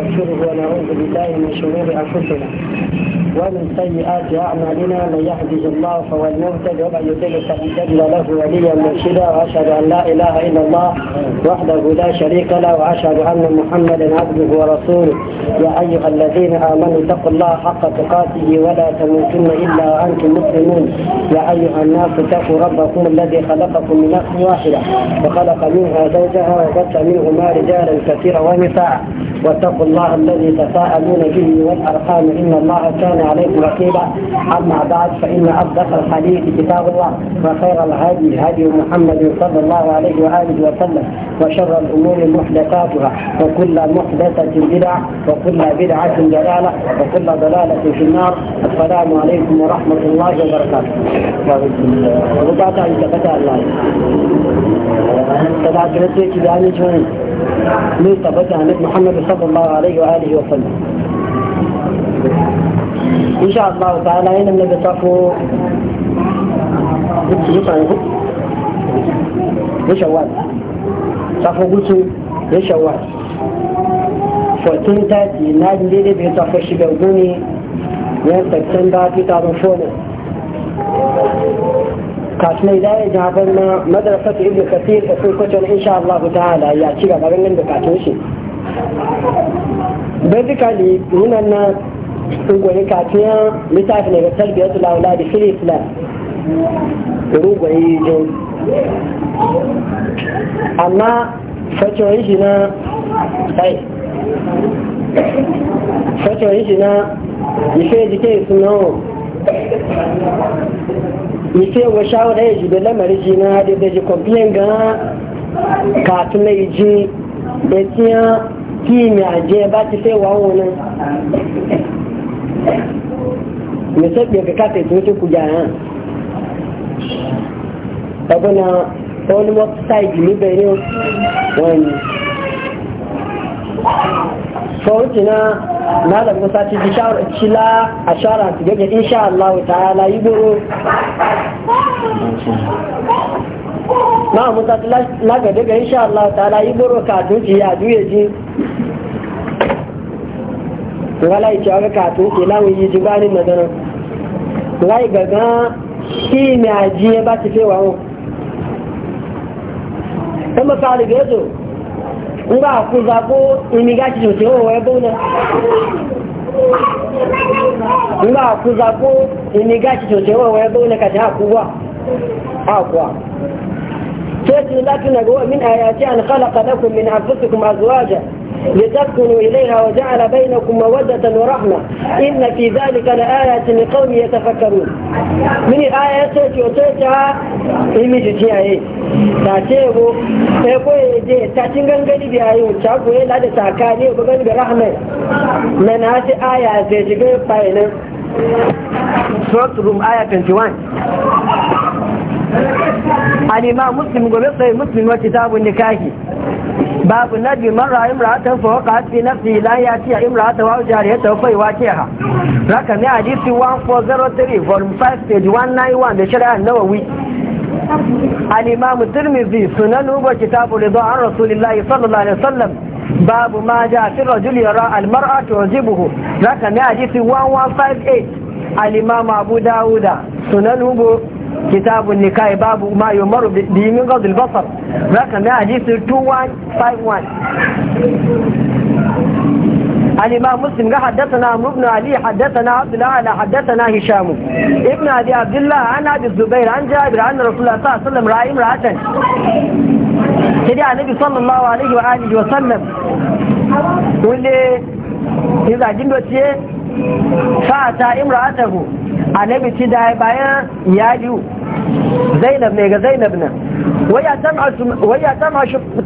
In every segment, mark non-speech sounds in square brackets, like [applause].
ونستغفره ونعوذ بالله من شرور أنفسنا ومن سيئات أعمالنا من يهده الله فهو المهتد ومن يضل فلن تجد له وليا مرشدا وأشهد أن لا إله إلا الله وحده لا شريك له وأشهد أن محمدا عبده ورسوله يا أيها الذين آمنوا اتقوا الله حق تقاته ولا تموتن إلا وأنتم مسلمون يا أيها الناس اتقوا ربكم الذي خلقكم من نفس واحدة وخلق منها زوجها وبث منهما رجالا كثيرا ونساء واتقوا الله الذي تساءلون به والأرحام إن الله كان عليكم رقيبا أما بعد فإن أصدق الحديث كتاب الله وخير الهدي هدي محمد صلى الله عليه وآله وسلم وشر الأمور محدثاتها وكل محدثة بدعة وكل بدعة ضلالة وكل ضلالة في النار السلام عليكم ورحمة الله وبركاته وبعد أن تفتح الله تبعت من ثبت عن محمد صلى الله عليه وآله وسلم إن شاء الله تعالى هنا من بتعرفوا شوال تعرفوا قلتوا يا شوال فوتين تاتي نادي ليلي بيتعرفوا شبه يا سبتمبر 2004 kafin idan ya jaban na madrasar ibn kasir da sun kwacin insha Allah ta hada ya ci gaba ganin bukatun shi basically muna na ungwani kafin littafin daga talbiyatu laula da fili islam rugwayi jin amma kwacin shi na sai kwacin shi na ife jike nawa? ite wa shawara ya jibe lamari ji na da da ji kwamfiyan ga katu na iji da tiya kimi a je ba ti sai wa wani me sabbe ka kata ita wata kuja yan na wani wata side ni bai ne wani sauki na malam musa ci kila a shara su gaje insha Allah ta'ala yi goro malam musa ci laga daga insha Allah ta'ala yi goro ka tuji a duye ji wala yi cewa ka tuji lawon yi ji bani magana wai gaga ki mai ajiye ba ta fewa wọn. Kuma ka rigezo nga kuza ko imigati yote wewe bwana nga kuza ko imigati yote wewe bwana kati hakuwa hakuwa فإذن الله تنقوا من آياته أن خلق لكم من أنفسكم أزواجا لتسكنوا إليها وجعل بينكم مودة ورحمة إن في ذلك لآيات لقوم يتفكرون من آياته وتوتها ta ce yabo sai ko ya je ta cin gangani biya yi ta ko ya da taka ne ba gani da rahman na na ce aya sai shiga fayinan short room aya 21 Alima Muslim gobe sai Muslim wa kitabun nikahi babu nabi marra imra'atan fa waqa'at fi nafsi la yatiya imra'atan wa jariyatan fa yuwatiha raka ne hadisi 1403 volume 5 page 191 da shari'a nawawi al-imam tirmidhi sunan huwa kitabu ridha an rasulillahi sallallahu alaihi wasallam babu ma ja Juliyara, rajul yara al-mar'a tujibuhu zaka ne hadisi 1158 al abu dauda sunan huwa kitabu nikai babu ma yumaru bi min ghadl basar zaka ne hadisi 2151 عن امام مسلم حدثنا عمرو بن علي حدثنا عبد الله حدثنا هشام ابن ابي عبد الله عن ابي الزبير عن جابر عن رسول الله صلى الله عليه وسلم راى امراه سيدنا النبي صلى الله عليه واله وسلم واللي اذا جند وتيه فاتى امراته النبي تدعي بيان يادو زينب ميغا زينب ويا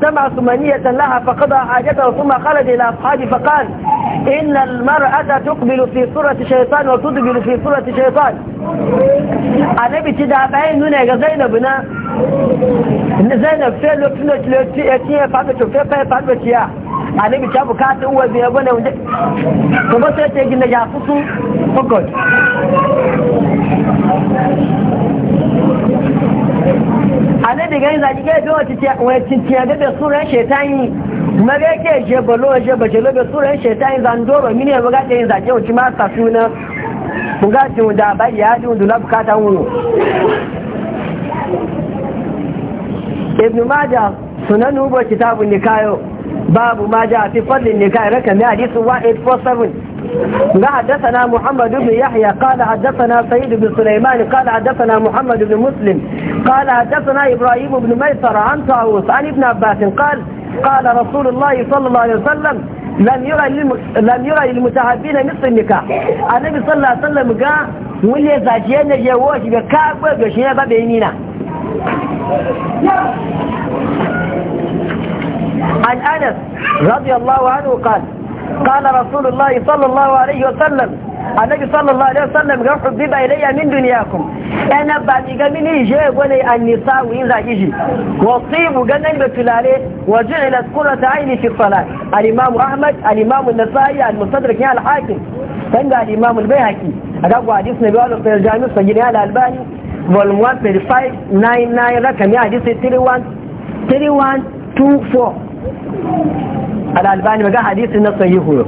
تمع ثمانية لها فقضى حاجته ثم خلد إلى أصحابه فقال ان المراه تقبل في صوره شيطان وتدبل في صوره شيطان أنا بتدابعين هنا زينبنا zainab sai lokacin da ya ce ya faɗa cufe fa ya faɗa ciya a nabi ta bukata uwa biya bane wanda to ba sai ta gina ya fusu god daga gani zaki ke bi wa titiya ga da suran shetani kuma ga yake je balo je bajalo da suran shetani zandoro mini ya buga ta yin zaki wuce ma sa suna buga mu da bai ya ji wundu na bukatan wuno ibn majah sunan hubo kitabun nikayo باب ما جاء في فضل النكاح رقم حديث قال حدثنا محمد بن يحيى قال حدثنا سيد بن سليمان قال حدثنا محمد بن مسلم قال حدثنا إبراهيم بن ميسر عن طاووس عن ابن عباس قال قال رسول الله صلى الله عليه وسلم لم يرى لم يرى للمتحابين مثل النكاح النبي صلى الله عليه وسلم قال ولي زاجين جواش بكاب وشيء بابينينا عن أنس رضي الله عنه قال قال رسول الله صلى الله عليه وسلم النبي صلى الله عليه وسلم قال حبيب إلي من دنياكم أنا بعد قمني جاء ولي النساء وإذا إجي والطيب قنن بتلالي وجعلت كرة عيني في الصلاة الإمام أحمد الإمام النسائي المستدرك يا الحاكم تنقى الإمام البيهكي أقوى حديث نبي الله في الجامع سجل يا الألباني volume 1 35 99 رقم يا حديث 31 31 24 الألباني مقا حديث إنه صحيحه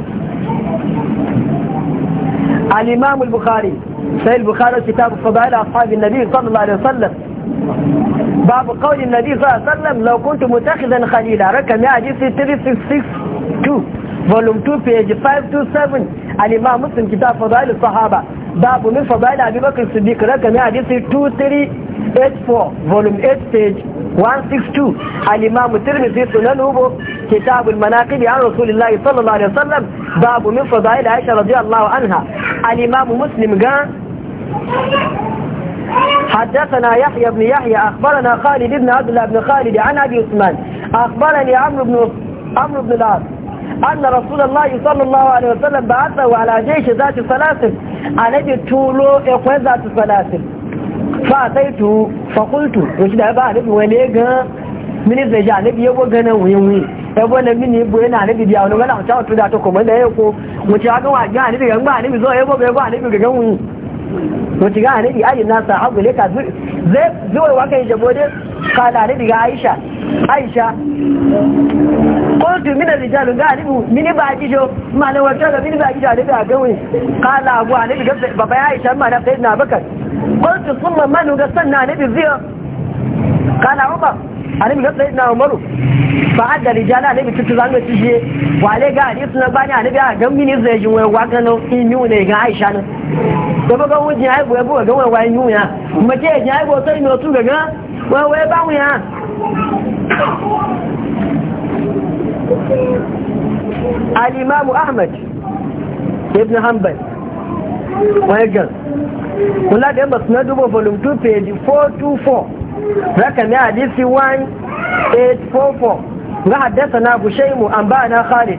الإمام البخاري سيد البخاري كتاب فضائل أصحاب النبي صلى الله عليه وسلم باب قول النبي صلى الله عليه وسلم لو كنت متخذا خليلا رقم يا حديث 362 فولوم 2 page 527 الإمام مسلم كتاب فضائل الصحابة babu min fadail abi bakr siddiq rakami hadisi 2384 volume 8 page 162 al-imam tirmidhi sunan hubo kitab al-manaqib an rasulillah sallallahu alaihi wasallam babu min fadail aisha radiyallahu anha al muslim حدثنا يحيى بن يحيى أخبرنا خالد بن عبد الله بن خالد عن أبي عثمان أخبرني عمرو بن عمرو بن العاص anna rasulullahi sallallahu alaihi wasallam ba'atha wa ala jayshi zati salasin alaji tulo e kwai zati salasin fa saitu fa qultu to shi da ba alabi wale ga ministan yabo na mini bo na alabi biya wani gana ta tuda to kuma da yako aka ga wa ga alabi ga alabi zo yabo ga yabo alabi ga ganwu wuce ga alabi ayi na abu le ka zai zuwa wa kai jabo dai kala alabi ga Aisha Aisha قلت من الرجال غالب من باجيجو ما لو وجد من باجيجو عليه غوي قال ابو علي جب بابا na ما Kotu ابن بكر قلت ثم من غسلنا نبي زي قال عمر annabi ga sayyidina umaru fa adda rijala annabi tutu zanga tije wale ga hadis na bani annabi a gambi mini zai jin waya in inyu ne ga aisha nan da baga wuji ai boye boye ga waya waya inyu mace ya ai boye sai no tu ga ga Wai ba mu ya al'imamu ahmad ibn hanbal wajen kula da yamma suna dubo volume 2 page 424 rakami hadisi 1844 ga haddasa na gushaimu an ba na khalid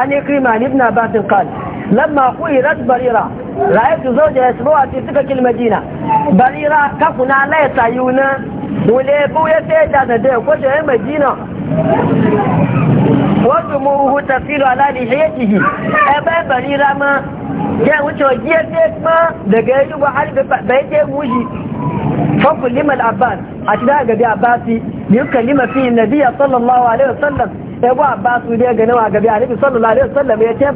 an yi krimani ibn abbasin khalid لما قيرت بريرة رأيت زوجها يسبوها في سكك المدينة بريرة كفنا لا يتعيونا وليبو يتعيجا نديه وكوشة المدينة wasu muhu tafiru alali hayatihi ebe barira ma ya wuce wajiya ce ma daga ya duba har bai ce gushi fakul limal abbas a shi daga gabi abbasi biyu kalima fi sallallahu alaihi wasallam gani wa alibi sallallahu alaihi wasallam ya ce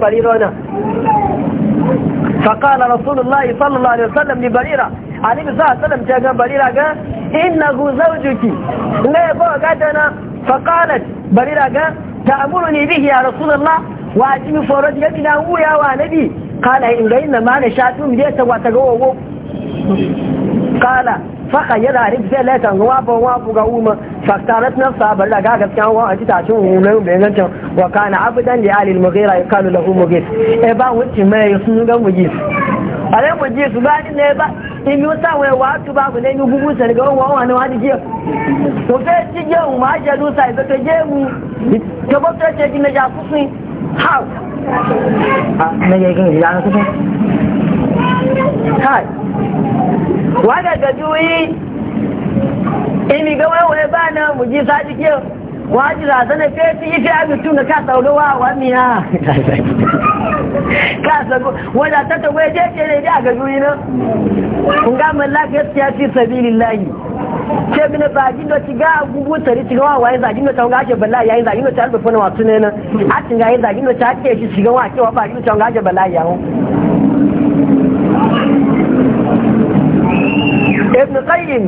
فقالت بريرا تأمرني به يا رسول الله واجمي فرج يبنا هو يا والدي قال إن ما نشاتهم ليسا وتقوه قال faka yana rif zai laita ga wafin wafu ga umar faktarat na sabar da ga gaskiya wa a titacin umarin da yangancin wa kana abudan da alil mughira ya kanu lahu mughis e ba wuce mai sun ga mughis ale mu ji su ba ni ne ba imi uta we wa tu ne ga wa wa ne wa di je to fe ti je un ma je du je mu to bo to how na ku wa ga ga yi imi ga wa we ba mu ji sa wajira zane fesi ife abitu na ka [laughs] saurowa wa miya ka sago wadda ta tagwai jeje ne da ga juyi na? kun gama lafiyar siyasi sabilin layi ce mina ba gindo ci ga gugu tari ci gawa waye zagin da tawanga ake bala'i yayin zagin da ta albafa na wasu ne nan a cin yayin zagin da ta ake shi shiga wa cewa ba gindo tawanga ake bala'i yawon ibn qayyim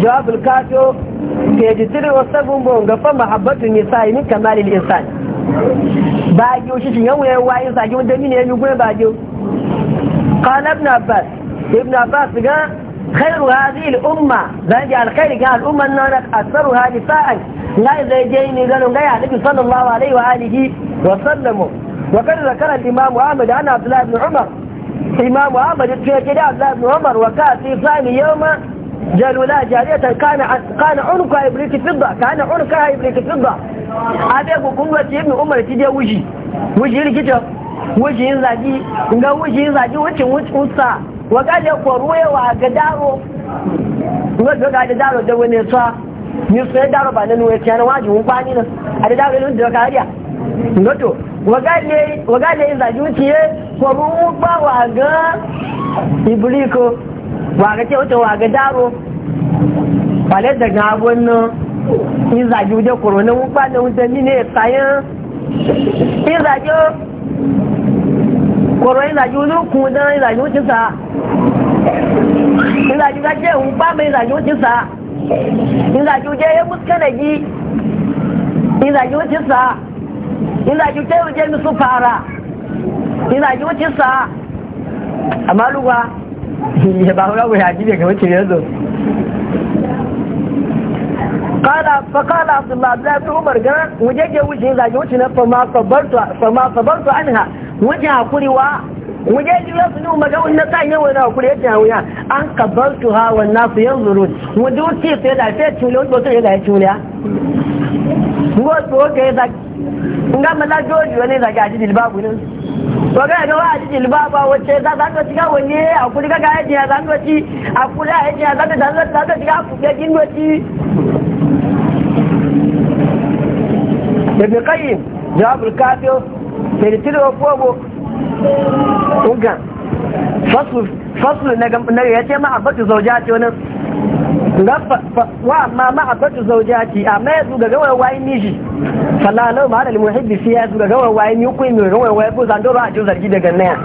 jawabul kafiyo page 307 bon ga fa mahabbatu nisa'i min kamalil insan ba gi shi shin yawo yawa in sa gi wanda mini yayi gure ba gi qala abbas ibn abbas ga khairu hadhihi al umma zaji al khair ga al umma nan aktharu hadhihi sa'an ngai zai je ni ga ngai hadisi sallallahu alaihi wa wa sallamu wa kad zakara al imam ahmad ana ibn umar imam da ibn umar wa جلولا جارية كان كان عنقها إبريق فضة كان عنقها إبريق فضة أبيك قوة ابن عمر تجي وجي وجي الكتاب وجي زاجي nga wuji zaji wucin wucinsa wa gaje kwaruwa ga daro nga ga gaje daro da wani sa ni sai daro ba nan wuce na waji mun bani nan a da daro da ka hariya nga to wa gaje wa gaje zaji wuciye ga ibriko waga ce wata waga daro balet da gabon nan in zage wuce koronan wupa da wuce mine kayan in zage koro in zage wuce kudan in zage wuce sa in zage wuce wupa mai zage wuce sa in zage wuce ya muskana gi in zage wuce sa in zage wuce wuce musu fara in zage wuce sa amma luwa ya ba hura wuya ji daga wacce yanzu kala fa kala da umar gara waje ke wuce wuce na fa ma fa ma sabartu anha waje hakuri wa waje ji wasu ne umar na hakuri ya ta wuya an kabartu ha su yanzu rut waje wuce sai da sai cule wani wuce ya da cule ya wasu wasu ya zage nga mala jojo ne zage a jidil babu waga ga wa ji ba wace za za ta shiga wani a kuri ga ga yaji za ta ci a kuri a yaji za ta za ta ta shiga ku ga gin doci ibn qayyim jawab al fobo ugan fasl na ga ya ce ma abatu zawjati wannan wa amma ma abadu zaujati amma ya zuga gawar wayi miji sallallahu ma da muhibbi fi ya zuga gawar wayi mi ku mi gawar wayi ko zando ba a jin zargi daga naya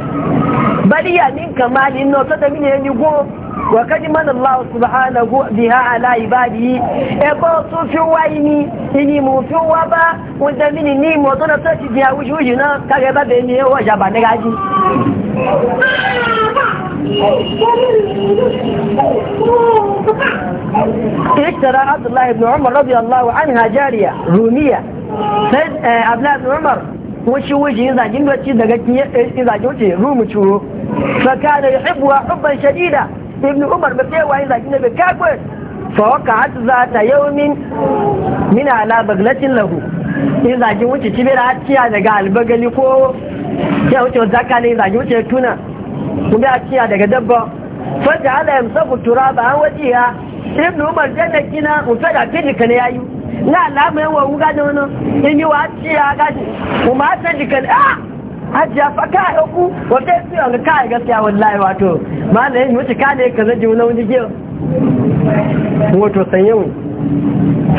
Bali ya min kamali no ta da mini ni go wa kadi man Allah subhanahu biha ala ibadihi e bo su fi waini ini mu fi wa ba mini ni mo to na tashi biya wuji wuji na ba be ni wa jaba ne gaji اشترى عبد الله بن عمر رضي الله عنها جارية رومية سيد عبد الله بن عمر وشي وجه إذا جنبت إذا جنبت روم فكان يحبها حبا شديدا ibn umar ba sai wayin zaki ne bai kafir fa waka za ta yawmin min ala baglatin lahu in zaki wuce cibira ciya daga albagali ko ya wuce zaka ne zaki wuce tuna kuma ya ciya daga dabba fa ta ala yamsafu turaba an wajiha ibn umar janna kina mutada kiji ya yayi na alamu yawa wuga da wani in yi wa ciya gashi kuma ta jikan ah hajiya fa ka ku? wata su yau ka yi gaskiya wallahi wato malayin wuce ka ne ka zaji wani wani giyar wato yau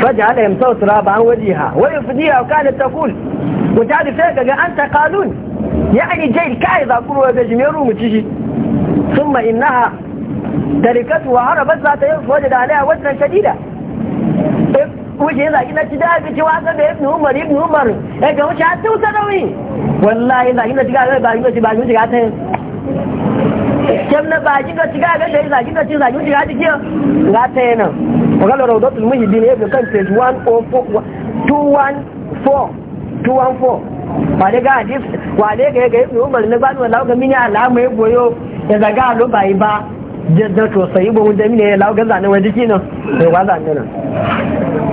faja ala sau usra ba an wajiha wa yufdiha wa kana taqul wata da sai kaga anta Ya yani jai kai za ku ruwa da meru mu ci shi thumma innaha tarikatu wa harabat za ta yi yawajda alaiha wajen shadida wuce zaki na ci da ci wasa da ibn umar ibn umar ya eh, ga wuce hatu sanawi wallahi zaki na ci gaga ba wuce ba wuce gata kem na ba ki ga ci gaga da zaki na ci zaki wuce gata ki gata yana wakala rawdatul muhibbin ibn kan page 214 214 ba hadis wa ga ga ibn umar na ba ni wallahi ga mini alama ya boyo ya zaga lo bai ba jaddato sayi ba mun da mini ya lawo ga zanen wajen kinan sai wa zanen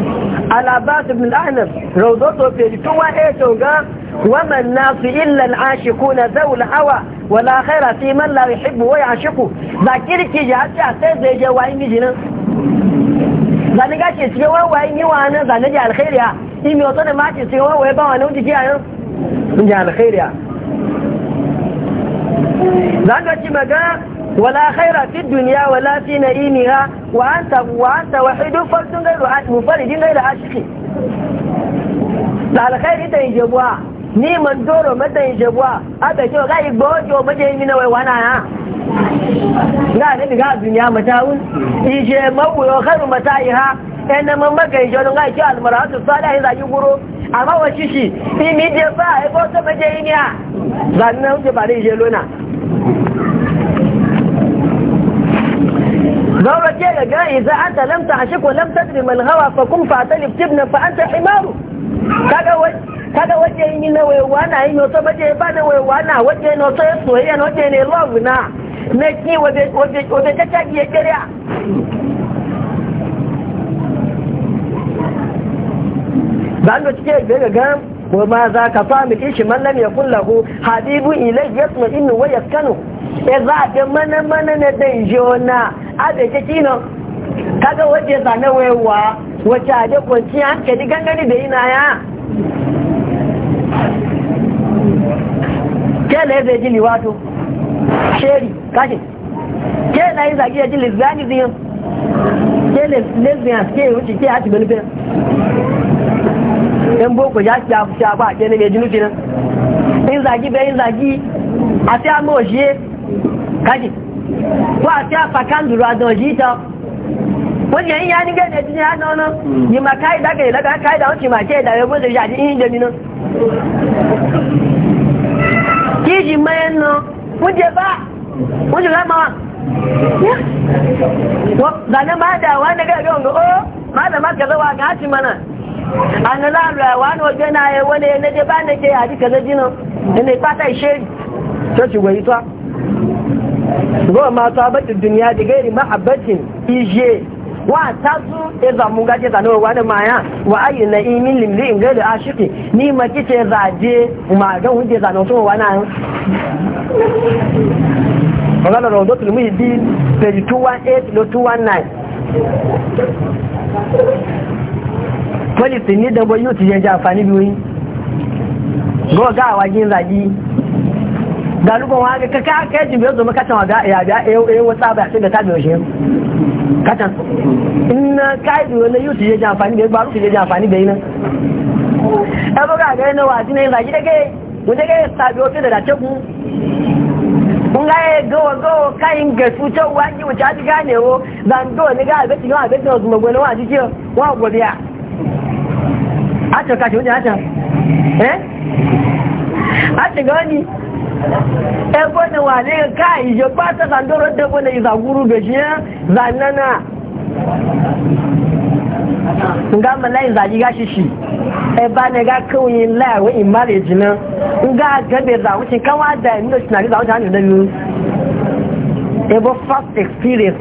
alabas ibn al'anab rawdato fi tuwa e toga waman nasu illa al'ashikuna zawul hawa wala khaira fi man la yuhibbu wa ya'shiqu da kirki ji hatta sai zai je wayin gijinan zani ga ce cikin wani wayin yi wani zani ji alkhairiya in mai wato da ma ce cikin wani waye ba wani wuce kiyayen in ji alkhairiya zan ga ci maga ولا خير في الدنيا ولا في نعيمها وأنت وأنت وحيد فرد غير مفرد غير عاشق لا خير انت إذا ني من دور ما تنجبوا أبا شو غاي بوجو مجي من وانا ها لا نبي غا الدنيا متاون يجي مو خير متاعها ما مكة يجي غاي شو المرأة الصالحة إذا يقولوا أما وشيشي في ميديا فا يبوسو مجي إنيا ظننا وجب عليه جلونا zaura ce ga gani za an ta lamta a shiko lamta da mai hawa fa kun fata liftin na fa'anta himaru kada waje yi na waiwa na yi noto baje ba da waiwa na waje noto ya soyayya na waje ne love na na ki ta ya ba da cike ga kulla وما habibu فامك إيش من لم يكن له حبيب إليه يطمئن ويسكنه mana جمنا من ندنجونا a da ke kino kaga wace zane wayewa wace a da Ke hankali gangani da ina ya Ke kela zai ji liwato sheri kashi kela yi zagi ya ji lesbiani ziyan ke lesbian ke wuce ke haci benefit yan boko ya ci abu sha ba a kenan ya ji nufi nan in zagi bai in zagi a sai amma washe kashi wọ́n àti àfàkàndùrù àdàn don tán wọ́n jẹ́ yíya ní gẹ́gẹ́ tí ní àná ọ̀nà yìí ma káìdá gẹ̀rẹ̀ lọ́gbà káìdá ó ti ma jẹ́ ìdàwẹ́ bó ṣe àti yíyìn jẹmi náà kí ìṣì mọ́ ẹ wọ́n jẹ bá wọ́n jù lámà wà dà ní máa dà máa zuwa ma ta duniya da gairi mahabbatin ije wa ta su e za mun gaje nawa wani maya wa ayi na imin limli in gaida ni ma kice za ma ga hunde za nawa so wani an Bangala Rondo Tulmi di 218 to 219. ni da boyu ti je ja afani bi ga wa jin galuban waga ka ka ka jimbe zo maka tan waga ya ga wata ba sai da ta shi ka tan in kai da wani yusu ya gbaru da baro ya jamfani da ina eh ba ga na wati ne zagi dake mu dake sabi da dace ku kun ga gowa ga a a ebe na wane ka ijo pata sandoro debo na izaguru na zanana nga ya izaji ga shishi eba ne ga kawai la wa na jina nga ya za ya kawa da ni da shinari za wuce hannu da ni ebe first experience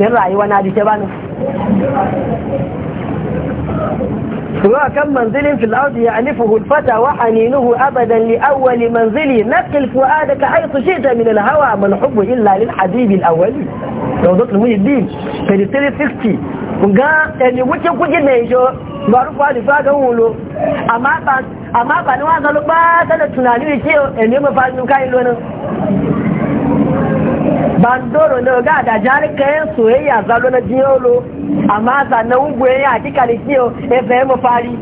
وكم منزل في الأرض يألفه الفتى وحنينه أبدا لأول منزلي نقل فؤادك حيث شئت من الهوى ما الحب إلا للحبيب الأول روضة المهي الدين في 360 ga ẹni wúkẹ́ kújẹ́ mẹ́jọ gbárùkú àdìfà gánwòlò àmábà ní wọ́n sọ ló bá tẹ́lẹ̀ tùnà ní ìkí ẹ̀mí mọ́fà ní káyìn lónìí bandoro na ga da jari kayan soyayya zalo na jiyolo amma sannan ugwe e e e ya kika da ebe ya fayi fari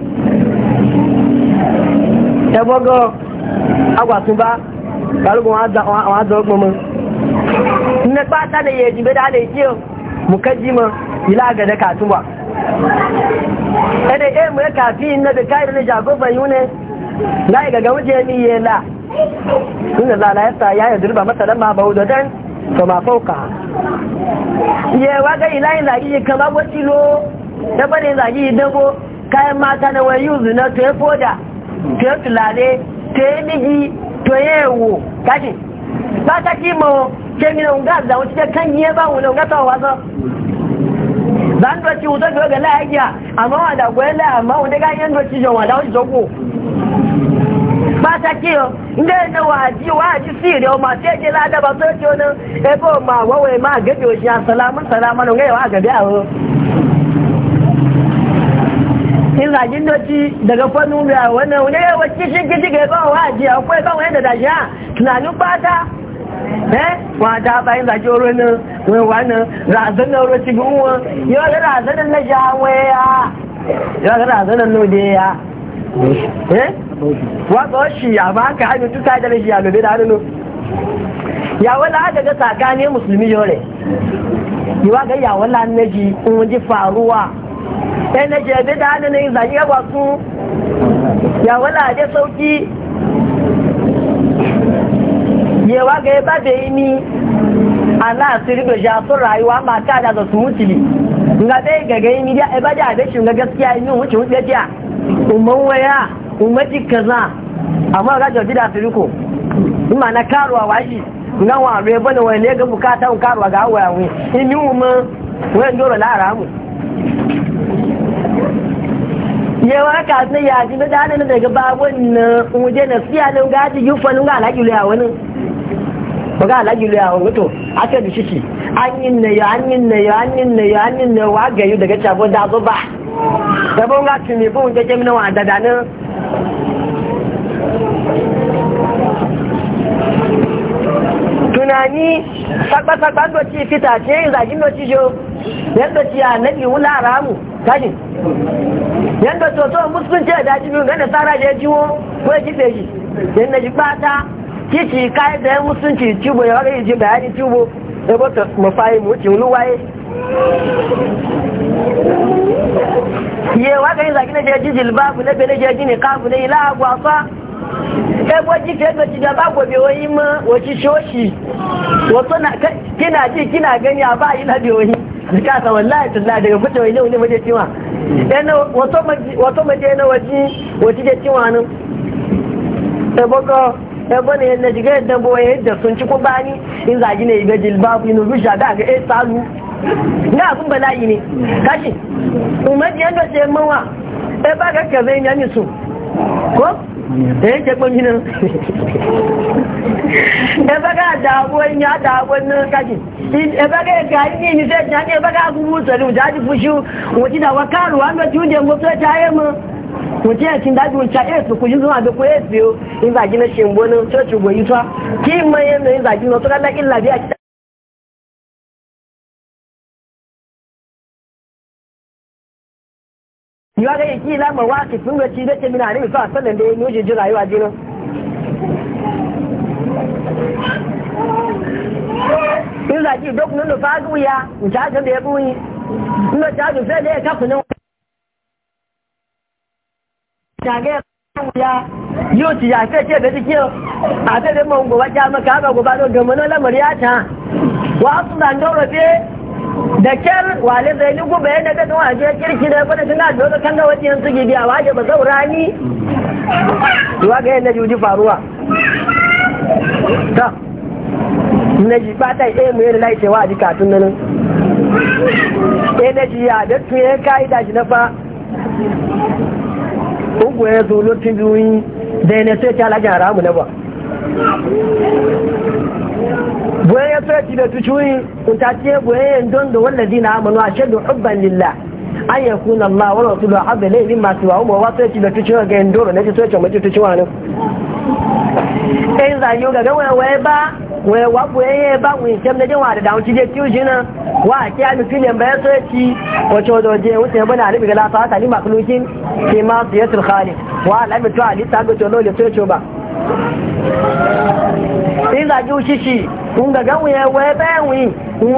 ya bogo agwasu ba karugun wazan gbomin na fata na yaji bai da ala kiyo mu kaji ma ila gada ka katuwa ɗaya ɗaya mu ya kafi na da kairo na jagoban yune lai a gaga wuce ni yela lalata ya yi durba ma kama fauka ye waga ilayin zagi kama wacilo da bane zagi dago kayan mata na wayu zuna to ya foda to ya tulare to ya miji to ya yawo kashi ba ta kimo kemi na unga da wuce kan yi ba wuna unga ta wazo zan doci wuta ga lafiya amma wada gwela amma wada ga yan doci jan wada wuce zogo pàtàkì ọ ndị na wà jí wà jí sí ìrẹ̀ ọmọ àti ẹ̀jẹ̀ ládàbà tó jẹ́ ọ̀nà ẹgbẹ́ ọmọ àwọ̀wọ̀ ẹ̀mọ́ àgẹ́gẹ́ òṣì àsàlámù sàlámù ní ẹ̀wà àgẹ́gẹ́ àwọ̀ ìrìnàjí ló ti dẹ̀gẹ̀ fọ́nú rẹ̀ àwọn náà oníyẹ̀wò kíṣí kíṣí gẹ̀ẹ́bọ̀ wà jí ọ̀pọ̀ ẹgbẹ́ wọn ẹ̀dẹ̀dà ṣá tìlànú pátá wa ta bayan zaki na oro cikin wọn yau ga razanin ya watsa shi ya ba ka hajji tu sai da shi ya lobe da hannu ya wala aka ga tsakani musulmi yore yawa ga ya wala naji in waje faruwa sai na je da hannu ne zan yi ba su ya wala da sauki yawa ga ya bada yi ni ala siri da ja sun rayuwa ma ta da su mutili nga bai gaga yi ni da ba da abin shi ga gaskiya yi mun wuce wuce ta umman waya umarci kaza amma ga jaji da firiko ima na karuwa washi na ware bane wani ne ga bukata un karuwa ga hawa yawon in umar wani doro lara mu yawa ka sun ya ji da hannun daga babon na wuje na fiya nan gaji yi fa nunga alhaji luya wani ba ga alhaji luya wani to aka da shi an yin na yi an yin na yi an yin na yi an yin na yi wa gayu daga cabo da zo ba dabon ga tumi bun da jami'in wa dada nan tunani sakpa-sakpa doci fita ce izagin doci jo yadda ci a nabi wula ramu kaji yadda soso musulunci da daji biyu gane tsara je jiwo ko ya kife shi yadda ji bata kici kayan da ya musulunci cibo ya wari ji bayani cibo ebe ta mafayi mucin luwaye ye waka yin zaki na jeji na bene jeji ne na ila agwafa ji ke ma shoshi na kina ji kina gani a ba yi na sa wallahi daga wani maje ciwa wato maje na ciwa nan ya bane yadda shiga yadda boye yadda sun ci kubani in zagi ne ga jilbabu inu rusha da ga mm. eh salu na abun bala'i ne kashi umar yadda ce mawa ya ba ga kaza yin yanyi su ko da yake kwanginan ya ba ga damuwan ya damuwan nan kashi ya ga ga yi ne sai ya ba ga abubuwa salu da ji fushi wata da wakaruwa ga jujiyar mutu ta yi mu wòtí ẹ̀sìn dájú ìta èèpù kò yíṣọ́ àbí kò èèpù o ìgbàjí ní ṣe ń bọ́ ní ṣọ́ọ̀ṣì gbò yí tọ́ kí mọ yẹn ní ìgbàjí lọ tó lálẹ́ ìlà bí àti. yọ ọ́ lẹ́yìn kí ìlànà wá sí fún gbèsè ilé tèmi náà níbi fún àtọ́lẹ̀ lé ní oṣù jùlọ àyíwájú náà. ìgbàjí ìdókùnrin ló fàá gùn ya ìjáàjọ́ lè gùn yín. ń lọ jáàjọ́ fẹ́ lé ẹ̀ká shagaya ya yóò ti yà fẹ́ tí ẹ̀fẹ́ tí kí ọ àfẹ́fẹ́ mọ̀ ǹgbọ̀ wájá gobe àbàgbò bá lọ́gbọ̀n mọ́ náà lọ́mọ̀rí àtà wà á tún àjọ rẹ̀ pé dẹ̀kẹ́r wà lẹ́fẹ́ ní gbogbo ẹ̀ dẹ́gbẹ́ tó wà jẹ́ kíríkì rẹ̀ fọ́nà tí náà dọ́dọ̀ kánga wọ́n ti ń tún gidi àwọn àjẹ́ bàtà wúrà ní ìwágẹ́ ẹ̀ nẹ́jì ojú faruwa tọ́ nẹ́jì pátá ẹ̀ mú cewa a ji wá àdíkà tún nínú ẹ̀ nẹ́jì yà àdẹ́tún yẹn shi na fa. ko zo ne na ba boye da tucuyi na amanu a shaidu hubban yi kuna Allah wa rasu da abin laifin masu wa umar wasu ya da tucuyi ga yin doro na ci so mace tucuwa ne ga waye ba wai wabu yayin ba mu yin na da damu cije kiyu shi wa a kiya mi filin bayan so ya ci wace wato waje wuce muna alibi ga lafa hata lima kulukin ke ma su yasir wa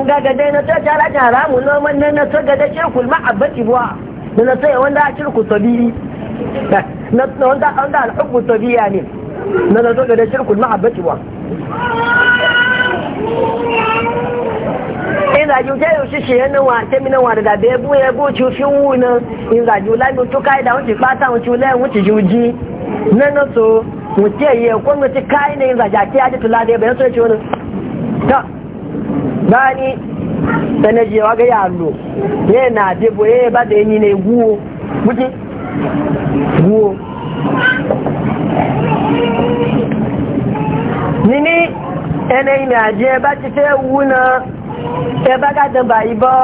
ga ga na na na na a shirku sabili na ne na na zoga da shirkul mahabbati wa in zaju ta yau shi yana wa ta mina wa daga bai bu ya bu ci fi wuna in zaju la mi to kai da wuce fata wuce la wuce juji na na so wuce ya kwanga ci kai ne in zaja ta yaji tula da bai so ya ci wani ta gani da na jewa ga yalo ne na debo ya ba da yi ne guwo guji guwo ẹnẹ́ ìmẹ̀ àjẹ́ bá ti fẹ́ wú náà ẹ e bá gádẹ̀bà ìbọ́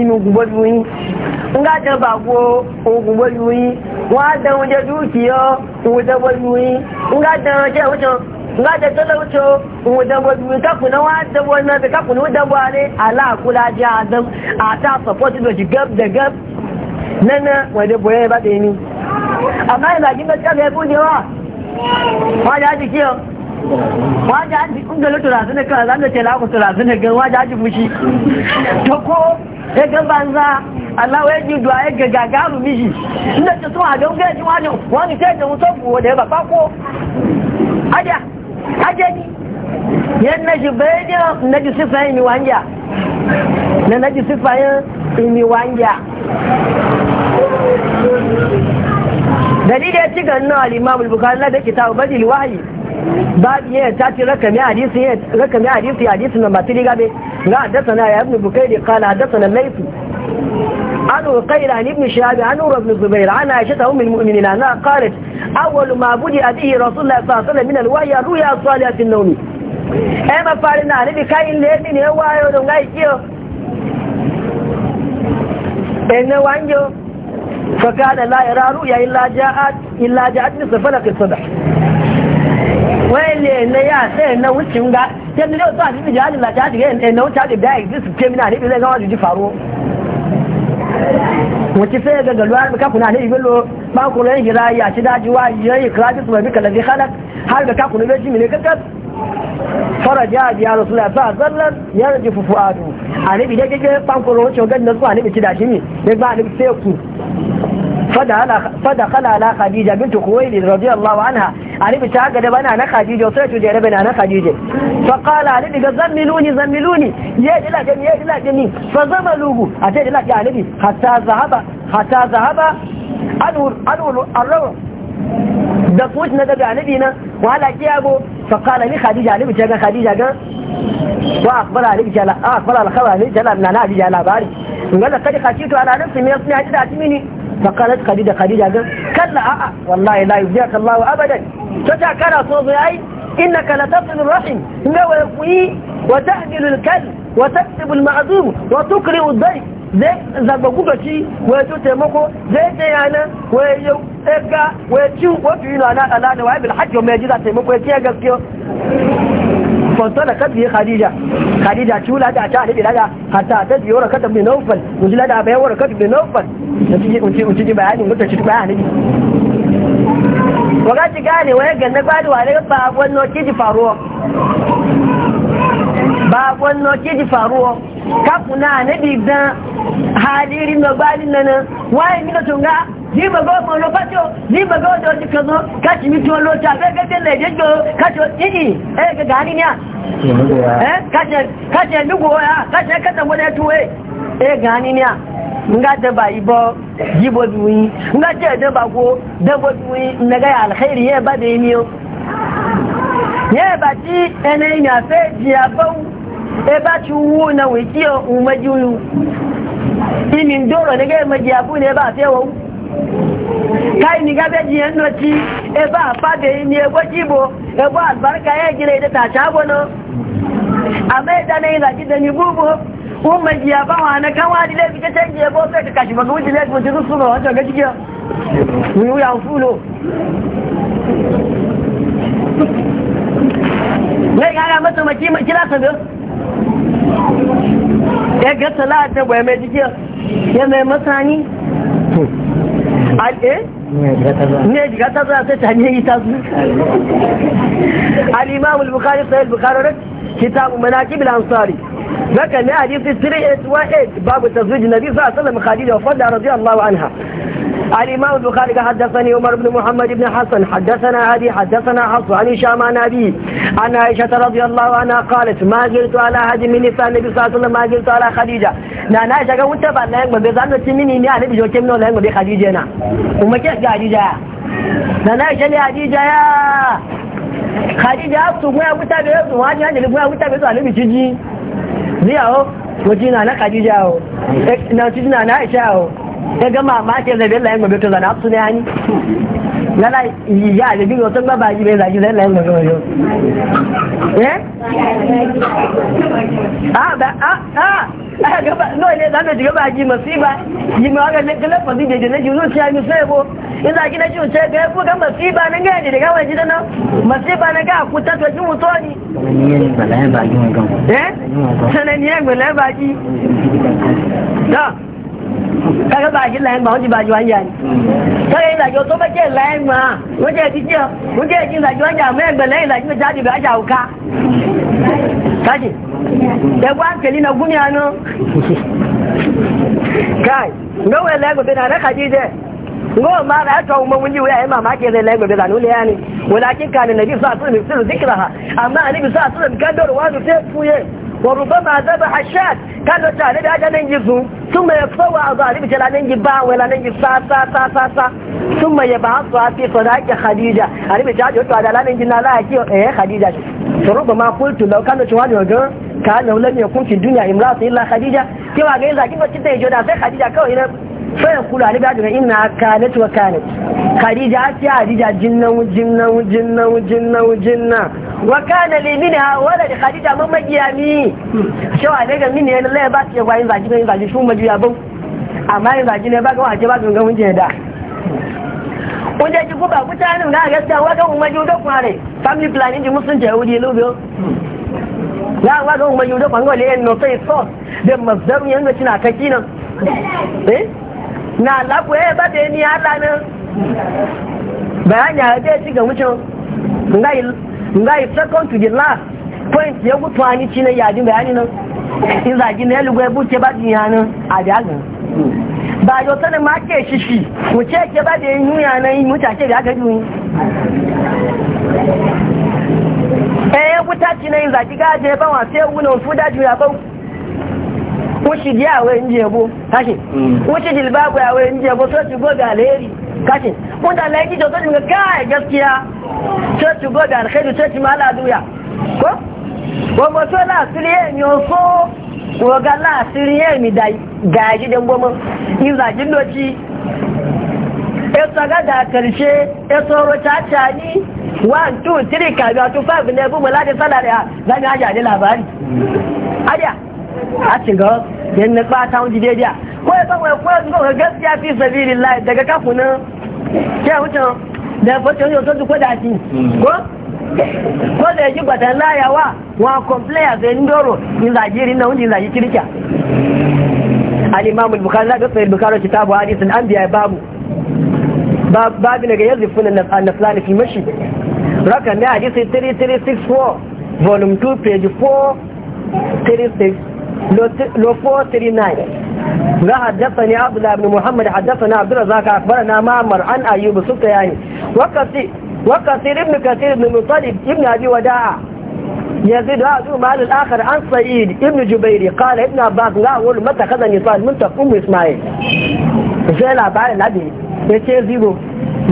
inú gbogbo yìí ń gádẹ̀bà wo ogun gbogbo yìí wọ́n á dẹ̀hun jẹ́ dúkìá òun gbogbo yìí ń gádẹ̀hun jẹ́ òun nga da talauco mu dabo mu kafu na wa dabo na da kafu na dabo ne ala kula ji adam a ta support do ji gab da gab nana ba da ni amma ina gina ka ga bu ne wa wa waje aji ungalo turazu ne kan zanda ce lagu turazu ne gan waje aji fushi to ko ya ga banza Allah ya ji duwa ga gagaru miji inda ce sun hada ga ga ji wani wani sai da mutum ko da ba ko aja aja ni yan na bai ne na ji sifayin mi wanja na na ji sifayin mi wanja dalilin ya ci ganin alimamul bukari na da kitabu bajil wahayi babu yaya ta ce rakami hadisi rakami hadisi hadisi na matili gabe ga haddasa ya ibn bukairi qala haddasa na laifu عن وقيل عن ابن شهاب عن عمر بن الزبير عن عائشة أم المؤمنين أنها قالت أول ما بدي به رسول الله صلى الله عليه وسلم من الوحي رؤيا صالحه النوم أما فعلنا نبي بكاين لأبني هو يقولون غاي كيو إنه وانجو فكان لا يرى رؤيا إلا جاءت إلا جاءت مثل فلك الصبح wele na ya sai na wucin ga ta ne to a cikin jihadi la ta diga na wuta da bai exist ke mina ne zai gawa ji faro wace sai ga galwa ka kuna ne ibilo ba ku ran hira ya ci daji wa yayi kratis wa bika ladhi khalaq har ga ka kuna ne jimi ne kakkas faraja ya rasulullah sa zallan yarjifu fuadu anabi da gege pankoro wucin ga nan su bi ci daji ne ba ni sai ku فدخل على خديجة بنت خويلد رضي الله عنها علي بتاعك ده بنا أنا خديجة وصيت ودي ربنا أنا خديجة فقال علي بقى زملوني زملوني يد لا جمي يد لا جمي فزملوه أتيت لا يا علي حتى ذهب حتى ذهب أنور أنور الروح da kuci na daga annabi nan wala kiyabo fa qala li khadija ali bi ga khadija ga wa akhbara ali bi jala akhbara al khabar ali jala na na ali jala bari ngala kadi khashitu ala nafsi min yasni hadida atmini فقالت خديجة خديجة قال كلا والله لا يبديك الله أبدا تجع كلا أي إنك لتصل الرحم إنه يقوي وتهدل الكلب وتكسب المعذور وتقرئ الضيف zai zagbagu gaci wai to taimako zai ta yana wai yau ga wai cin wafi yi na alaɗa wai bilhajjo mai ji za taimako ya ce gaskiyo fansala kat biye khadija khadija tula da ta da daga hatta ta biye wara kat bin nawfal mun da bayan wara kat bin nawfal mun ji mun ji bayanin mun ci bayanin wakati gane waye ganna ba da wale ba gwanno ki ji faruwa ba gwanno ki ji faruwa kafuna na digdan halirin na gbalin nan waye mina tunga ní gbogbo ọmọ ọ̀nà pátó ní gbogbo ọjọ́ ọjọ́ kan káàkiri mi tí wọ́n abẹ́gẹ́gẹ́ lẹ̀ káàkiri yìí ẹ̀ẹ́gẹ́ gàárí káàkiri ẹ̀dúgbò ọ̀yà káàkiri kẹtàgbọ́dẹ̀ túwé ẹ̀ẹ́ gàárí ní à nga daba ibo yibo biwi nga je daba ko dabo biwi naga ye ba ye ba wu ne ga ba ka ni gabe jiyan noci e ba fada yi ne egbo jibo egbo albarka ya gina ita ta shago no a mai dana yi zaki ni bubu un mai jiya na kan wadi laifi ta canji ya ka kashi baka wuce laifi mutu rusu ba wajen ga ya fulo إيه؟ [laughs] الإمام البخاري صحيح البخاري كتاب مناكب الأنصاري لكن حديث 3818 باب تزويج النبي صلى الله عليه وسلم خديجة وفضل رضي الله عنها الإمام البخاري حدثني عمر بن محمد بن حسن حدثنا عدي حدثنا حفص عن هشام نبي أبي عن عائشة رضي الله عنها قالت ما جئت على هذه من نساء النبي صلى الله عليه وسلم ما جئت على خديجة نانا نعم، عائشة قالت وانت بعد لا ينقل بزعنا تميني إني أعلم جو كمنا ولا ينقل بخديجة أنا وما كيف خديجة نانا نعم، عائشة لي خديجة يا خديجة أبتو ما أبو تابعي أبتو ما أجي هذا لبو أبو تابعي أبتو أعلم ziyawo awo wajina na kadija awo na wajina eh, na aisha awo ya gama ma ce zabi Allah gobe to zana su ne hani lálá ìyá àlejò lọ tó gbábà yìí bẹ́ẹ̀ lájú lẹ́lẹ́ ń lọ́rọ̀ yọ. Náà ilé ìdájọ́ ìjọba àjímọ̀ sí ibà, ìjìmọ̀ ọ̀rẹ́ lẹ́gbẹ̀lẹ́ pọ̀ sí jẹjẹ lẹ́jì olóòtú ayé sẹ́ẹ̀bọ̀. Ìdá kí lẹ́jì òṣèré gẹ́gẹ́ fún gẹ́gẹ́ sí ibà ní gẹ́ẹ̀dì rẹ̀ gáwẹ̀ jídẹ́ náà, mọ̀ sí ibà ní gáà kú tẹ́tọ̀ jí wù tọ́ ni. Sẹ́ni ní ẹgbẹ̀lẹ́ bàjí. kaga ba shi layin ba wani ba ji wani yani sai yin lajo to bace layin ma wace ti ce wace ti lajo wani amma yan balayin lajo ta ji ba shi hauka kaji da ba hankali na gumi ano kai ga wai layin gobe na raka ji je ngo ma da ta umma mun ji wai ai mamaki zai layin gobe da nule yani walakin kana nabi sallallahu alaihi wasallam zikraha amma annabi sallallahu alaihi wasallam gadar wa da fuye وربما ذبح الشاة كانوا تعالى بهذا ننجزه ثم يكفوا أظالم جلا ننجي با ولا ننجي سا سا سا سا سا ثم يبعثها في صداك خديجة أنا بتعالى يقول هذا لا ننجي نالا إيه خديجة فربما قلت لو كانوا تعالى يقول كانوا لم يكن في الدنيا امرأة إلا خديجة كما قيل لكن ما تتجد في خديجة كوينة fayakulu a rigajina ina kanet wa kanet khadija ati hadija jinnan jinnan jinnan jinnan jinnan wa kana li min ha wala di khadija mun magiyami shawa ne ga min ne la ba ti wa in ba ji in ba ji shun maji abun amma in ba ji ne ba ga wa je ba ga mun je da kun je ji guba ku tanu na gaskiya wa ga mun maji da kware family planning ji musun je wuri lobo ya wa ga mun maji da kwango le no sai so da mazdaru yanga tina kakinan eh na alabu ya e, ni ala nan bayani a zai esi ga wucin nga yi second to the last point ya gutu ani ci na yadin bayani nan in na ya lugwa ya buke yana a ba yau sanin ma ke shishi wuce ke ba da yin yuya na yi mutace da aka yi eh e, wuta na yin ebe nwa ba wa na ya wuce ji a wayan jebo kashin mm. wuce jilbabu a wayan jebo so ci goga alheri kashin mun da laiki da sojin ga kai gaskiya so ci goga alheri so ci mala ko gbogbo so láàsírí èmi ọkọ wọ̀gá láàsírí èmi gàájí dẹ̀ gbọmọ ìzàjí lọ́tí ẹsọ gada karshe ẹsọ ọrọ̀ chacha ní 1 2 3 kàbí 5 ní ẹgbùn mọ̀ láti sálàrí zami ajá labari mm. adìyà a ci ga yan na ba ta hunji daidai ko ya kawai ko ya zuwa gaskiya fi sabilin lai daga kafunan ke hutun da fashin yau sun ko da shi ko ko da yake bata layawa wa komplaya zai ndoro in zagiri na hunji zagi kirkiya al-imam al-bukhari da sahih bukhari kitabu hadith an biya babu babu ne ga daga yazifuna na naflan fi mashi rakam ya hadith 3364 volume 2 page 4 36 لو 439 ذا حدثني عبد الله بن محمد حدثنا عبد الرزاق اخبرنا معمر عن ايوب سكياني وكثير وكثير ابن كثير بن مطلب ابن ابي وداع يزيد هذا مال الاخر عن سعيد ابن جبير قال ابن عباس لا أقول متى كذا نصال من تقوم اسماعيل زي العبارة النبي يتزيبه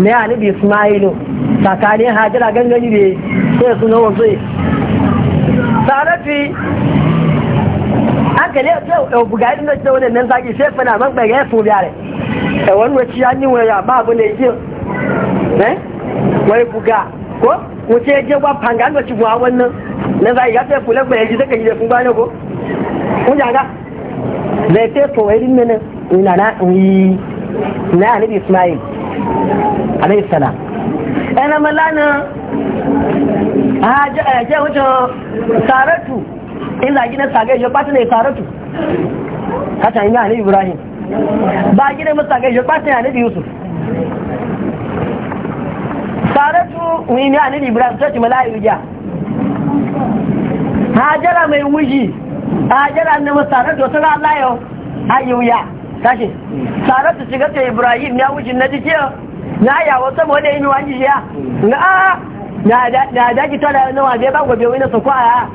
ne a nabi ismailu tsakanin hajjira gangani da ya suna wanzu tsarafi haka ne ya buga irin da ce zaki sai fana man bai ya so biya da wani wace ya ni waya ba abu ne eh? wai buga ko wuce je gwa fanga da ci buwa wannan na zaki ya sai fulan bai ji saka ji fun bane ko kun ja zai sai to din nan ina na yi na Ismail alayhi salam ana malana ha saratu in za gina sa gaishe ba ta ne saratu hata yin annabi ibrahim ba gina masa gaishe ba ta annabi yusuf saratu ni ne annabi ibrahim sai mala'iku Ha hajara mai wuji hajara ne masa saratu a Allah yau ayyuya tashi saratu shiga ta ibrahim ya wuji na jike na yawo saboda ma wani ya ah, na na daji ki tara na waje ba gobe wani su kwa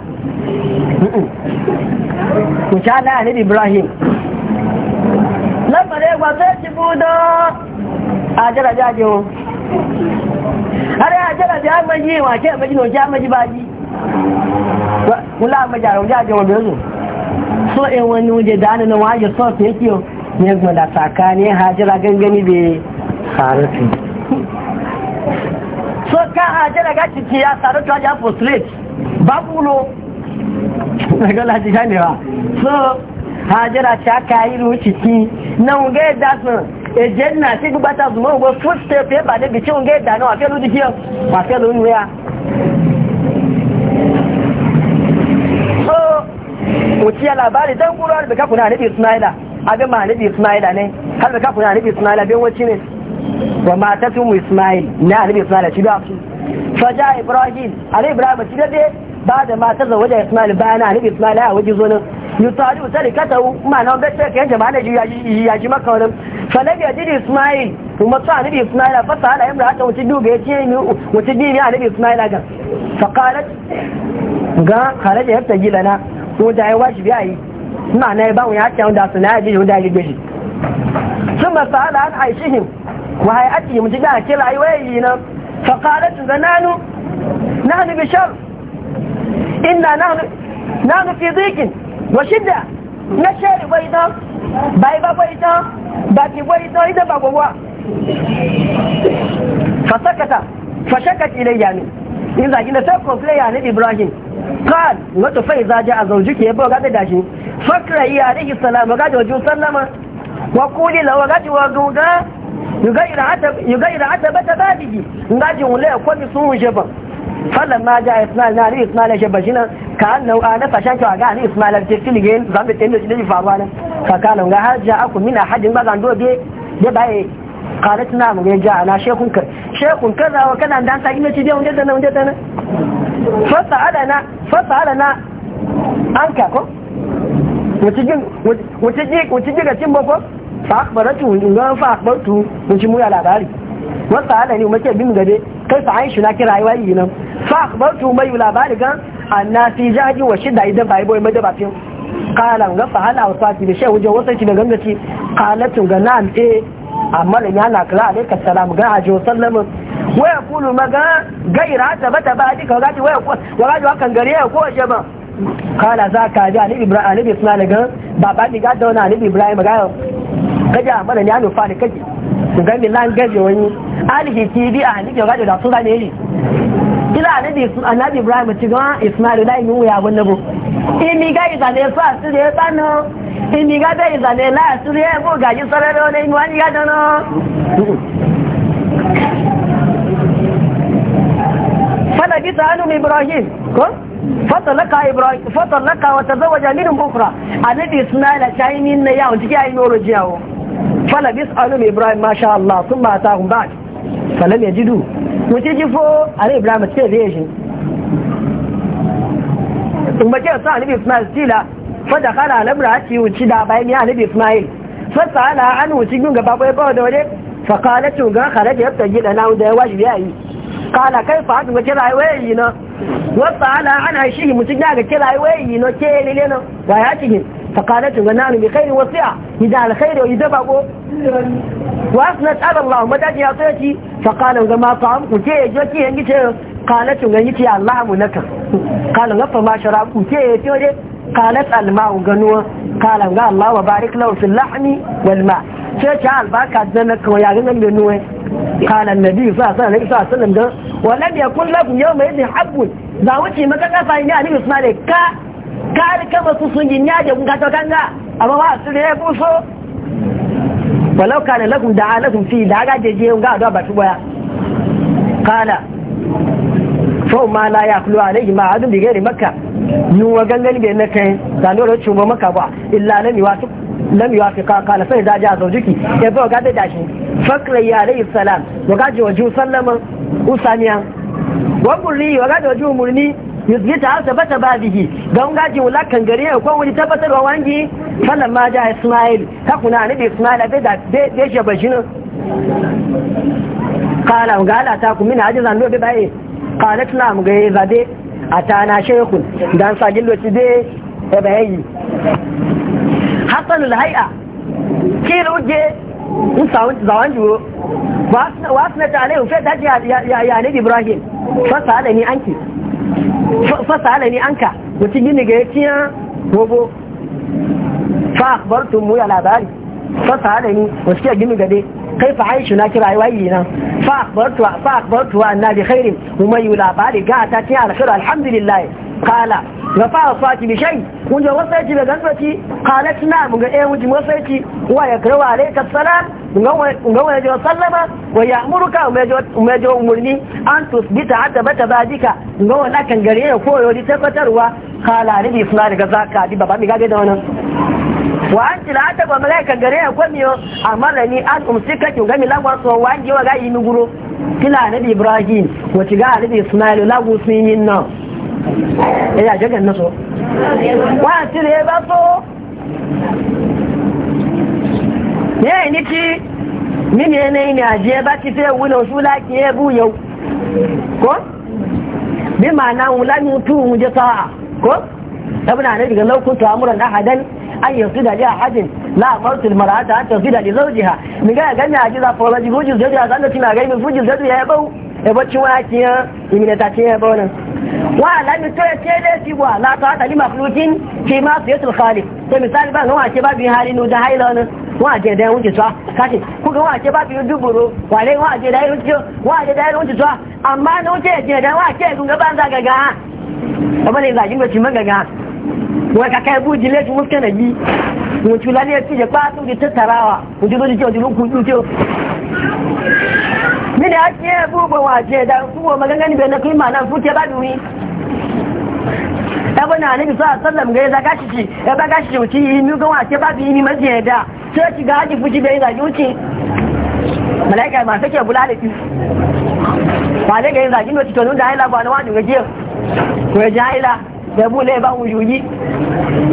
ku sha na annabi ibrahim lamar ya gwasa ci budo a jiraja jiwo har ya jiraja maji wa ke maji na maji baji kula a rauja jiwo bezu so in e wani wuje da ana na waje so ta yake ne gwada tsakanin hajjira gangani bai so ka hajjira ga ciki ya babu lo gọ́lá e ti ṣáàlẹ̀ wa so àjọ́ra ṣáàkà irú ṣìkí náà ń gẹ́ ìdásùn èjẹ́ nà sí gbígbátà zùmọ́ ògbó footstep ẹ bàdé bi tí unge ń gẹ́ ìdáná àfẹ́ ló dìkí ọ ya? a so kò alabari alábàárì tẹ́ ń kúrò àrùbẹ̀ ismaila àníbì snyder ismaila ne kalbẹ̀ kákùnrin àníbì ismaila bí wọ́n ne wa ma ta fi mu ismail ismaila ci bí a fi sọjá ibrahim àníbì ibrahim ci بعد ما تزوج إسماعيل بانا نبي إسماعيل ها وجه زونا يطالب تركته ما نوم بس بيتك ينجم عنا يجي مكة ولم فنبي يجد إسماعيل ومطلع نبي إسماعيل فسأل امرأته وتدوه بيتين وتديني عن نبي إسماعيل أقل فقالت قال خرج يبتجي لنا وداي ودعي واجب يعي معنى يباوي حتى ودع صناعي جيجي ودع جيجي ثم سأل عن عيشهم وهيئتهم تجاه كل عيوينا فقالت زنانو نحن بشر إنا نحن nahnu fi wa shidda na shari bai don bai ba bai don ba bai ba in zaki na sai kofle ya ibrahim kan wato fai zaje a zaujuki ya bawa gada dashi fakra iya alaihi salam ga da wajen sallama wa kuli la wa wa guga yuga ira ira bata sun fallan ma ja ismail na ni ismail ya shabba nan ka annau ana fashan a ga ni ismail ya tili gen zambe tendo shi ne faruwa nan ka kana ga har ja aku mina hadin ba zan dobe da baye qalat na mu ga ja na shekun ka shekun kaza wa kana dan ta ina ci biya wanda da wanda da nan fasa alana fasa an ka ko wuce wutijin ga cin ba ko fa akbaratu in ga fa akbartu mun ci mu ya labari wasu halani umarci bin gabe kai fa aishu na kira ayi yi nan fa akbartu mai labari gan fi jaji wa shida idan bai boye madaba fin kalan ga fa hala wasati da shi wajen wasan ki da gangaci qalatun ga na'am e. amma da yana kira alaikar salam ga aji wa sallamin waya kulu maga gaira ta bata ba ka gaji waya wagaji wakan gari ya ko waje ba kala za ka ji alibi ibrahim alibi suna daga baba ni ga dauna alibi ibrahim ga kaji amma da yana nufa ne kaji nga mi lan gaje wani alihi tv a hannu kyau da sun gane ne ila anabi anabi ibrahim ti gan ismail lai mi wuya gon nabo imi ga izane fa su de bano imi ga be izane la su de gaji sare do ne wani ga dono fada bi ta ibrahim ko fatalaka ibrahim fatalaka wa tazawaja min ukhra anabi ismail a chaini ne ya yi noro fala bis alum ibrahim masha Allah sun ba ta hun ba falam ya jidu mu ce jifo a ibrahim ce zai shi in ba ce sa alibi ismail stila da kala alabra a ci wuci da bayan ya alibi ismail fasa ala an wuci gun gaba kwaya kawai da fa fakala cin gan kare da yadda gida na wanda ya wajibi ya yi kala kai fa hatu wace rayuwar yi na Wa ala an haishi mutum ya ga kira yi na ke ne na wa ya cikin فقالت لهم بخير وصيعة اذا الخير واذا باب وأثنت على الله ما تجي تأتي أعطيتي فقالوا ما طعمكم كي يجوتي انت قالت لهم يا الله منك قال غفر ما شرابكم كي يتوري قالت الماء غنوا قال ان الله وبارك له في اللحم والماء شيخ البركة زنك غنم النوي قال النبي صلى الله عليه وسلم ولم يكن لكم يوم إذن حب ذا زاوتي مكة فإني أني بسمالك kari kama su sun yi nyaje kun kato kanga amma ba su ne ya kuso walau kana lagun da alakum fi da ga jeje kun ga da ba su baya? kana fa ma la yaqulu alayhi ma adun bi gairi makka yun wa gangan bai na kai da no ro chugo makka ba illa lam yuwafiq lam ka kala sai da ja zaujiki ya zo ga da dashi fakra ya alayhi salam wa ga ji ju sallama usaniya wa burri wa ga wa ju murni ta har bata ba bihi don gaji kan gari ya kwan wani tabbatarwa wangi kallon ma ja ismail ta kuna annabi ismail a bai da bai shi bashi nan kala ga ala ta kuma ina zan lobe bai kala tuna mu ga ya zabe a tana shekun dan sagin lokaci dai ya bayayi hasanul hai'a kira uje zawon jiro wasu na ta tare fai daji ya nabi ibrahim fasa da ni anki fasa halani an ka mutum gini ga ya ciya gobo fa akbar tumu ya labari fasa hada ni wasu ke gini gade kai fa aishu na kira wayi nan fa akbartu wa annabi bi khairin kuma yi labari ga ta ce alkhairu alhamdulillah kala ga fa fati bi shay kun je wasai ci da ganbaci qalat na mun ga eh mun wasai ci wa ya wa alayka salam mun ga wa ya sallama wa ya'muruka wa ya umurni an tusbita hatta bata badika mun ga wannan kan gare ya koyo di tabbatarwa kala ni bi daga zaka di baba mi ga da wannan wa an tila ta ba mala ka gare ya kwamiyo mara ni an umsika ki ga mi lagwa so wa ji wa ga yi nuguro kila nabi ibrahim wa ci ga nabi ismail lagu sun yin nan ya jagan na so wa ci le ba so ye ni ki mi ne ne ni aje ba ti fe wulo shula ki e bu yau ko bi ma na wula ni tu mu je ta ko ابن عنه قال لو كنت امرا احدا ان يصيد لاحد لا امرت المراه ان تصيد لزوجها من قال قال يا جزا فولاجي فوجي زوجي قال لك ما غير فوجي زوجي يا ابو ابو تشواكي من تاتي يا ابو ولا نتوي تيلتي ولا طاعه لمخلوق في معصيه الخالق فمثال بقى هو اكي بابي حالي نو ده هايلون wọn àjẹ́ ẹ̀dẹ́ oúnjẹ tọ́ káṣí kúkẹ́ wọn àjẹ́ bá fi dúgbòrò wà lé wọn àjẹ́ ẹ̀dẹ́ oúnjẹ wọn àjẹ́ ẹ̀dẹ́ oúnjẹ tọ́ àmọ́ ní oúnjẹ ẹ̀jẹ̀ ẹ̀dẹ́ wọn àjẹ́ ẹ̀gùn gẹ́gẹ́ bá ń da gàgà ọmọ lè gbàjú gbèsè mọ́ gàgà wọ́n kàkà ẹbú ìdílé tí wọ́n kẹ́nà yìí wọ́n tí ó lálẹ́ tí ìjẹ̀pá tó ń tẹ́ tàrà wà òjò ló jẹ́ òjò ló kún jù nílẹ̀ á tiẹ̀ ẹbú gbogbo wọn àti ẹ̀dá fún ọmọ gẹ́gẹ́ níbi ẹ̀nà kí màá náà fún tiẹ̀ bá dùn yín ẹbọn náà níbi sọ́ọ̀ sọ́lọ̀m gẹ́ ẹ̀dá káṣìṣì ẹbá káṣìṣì ò ga da bule ba wujuji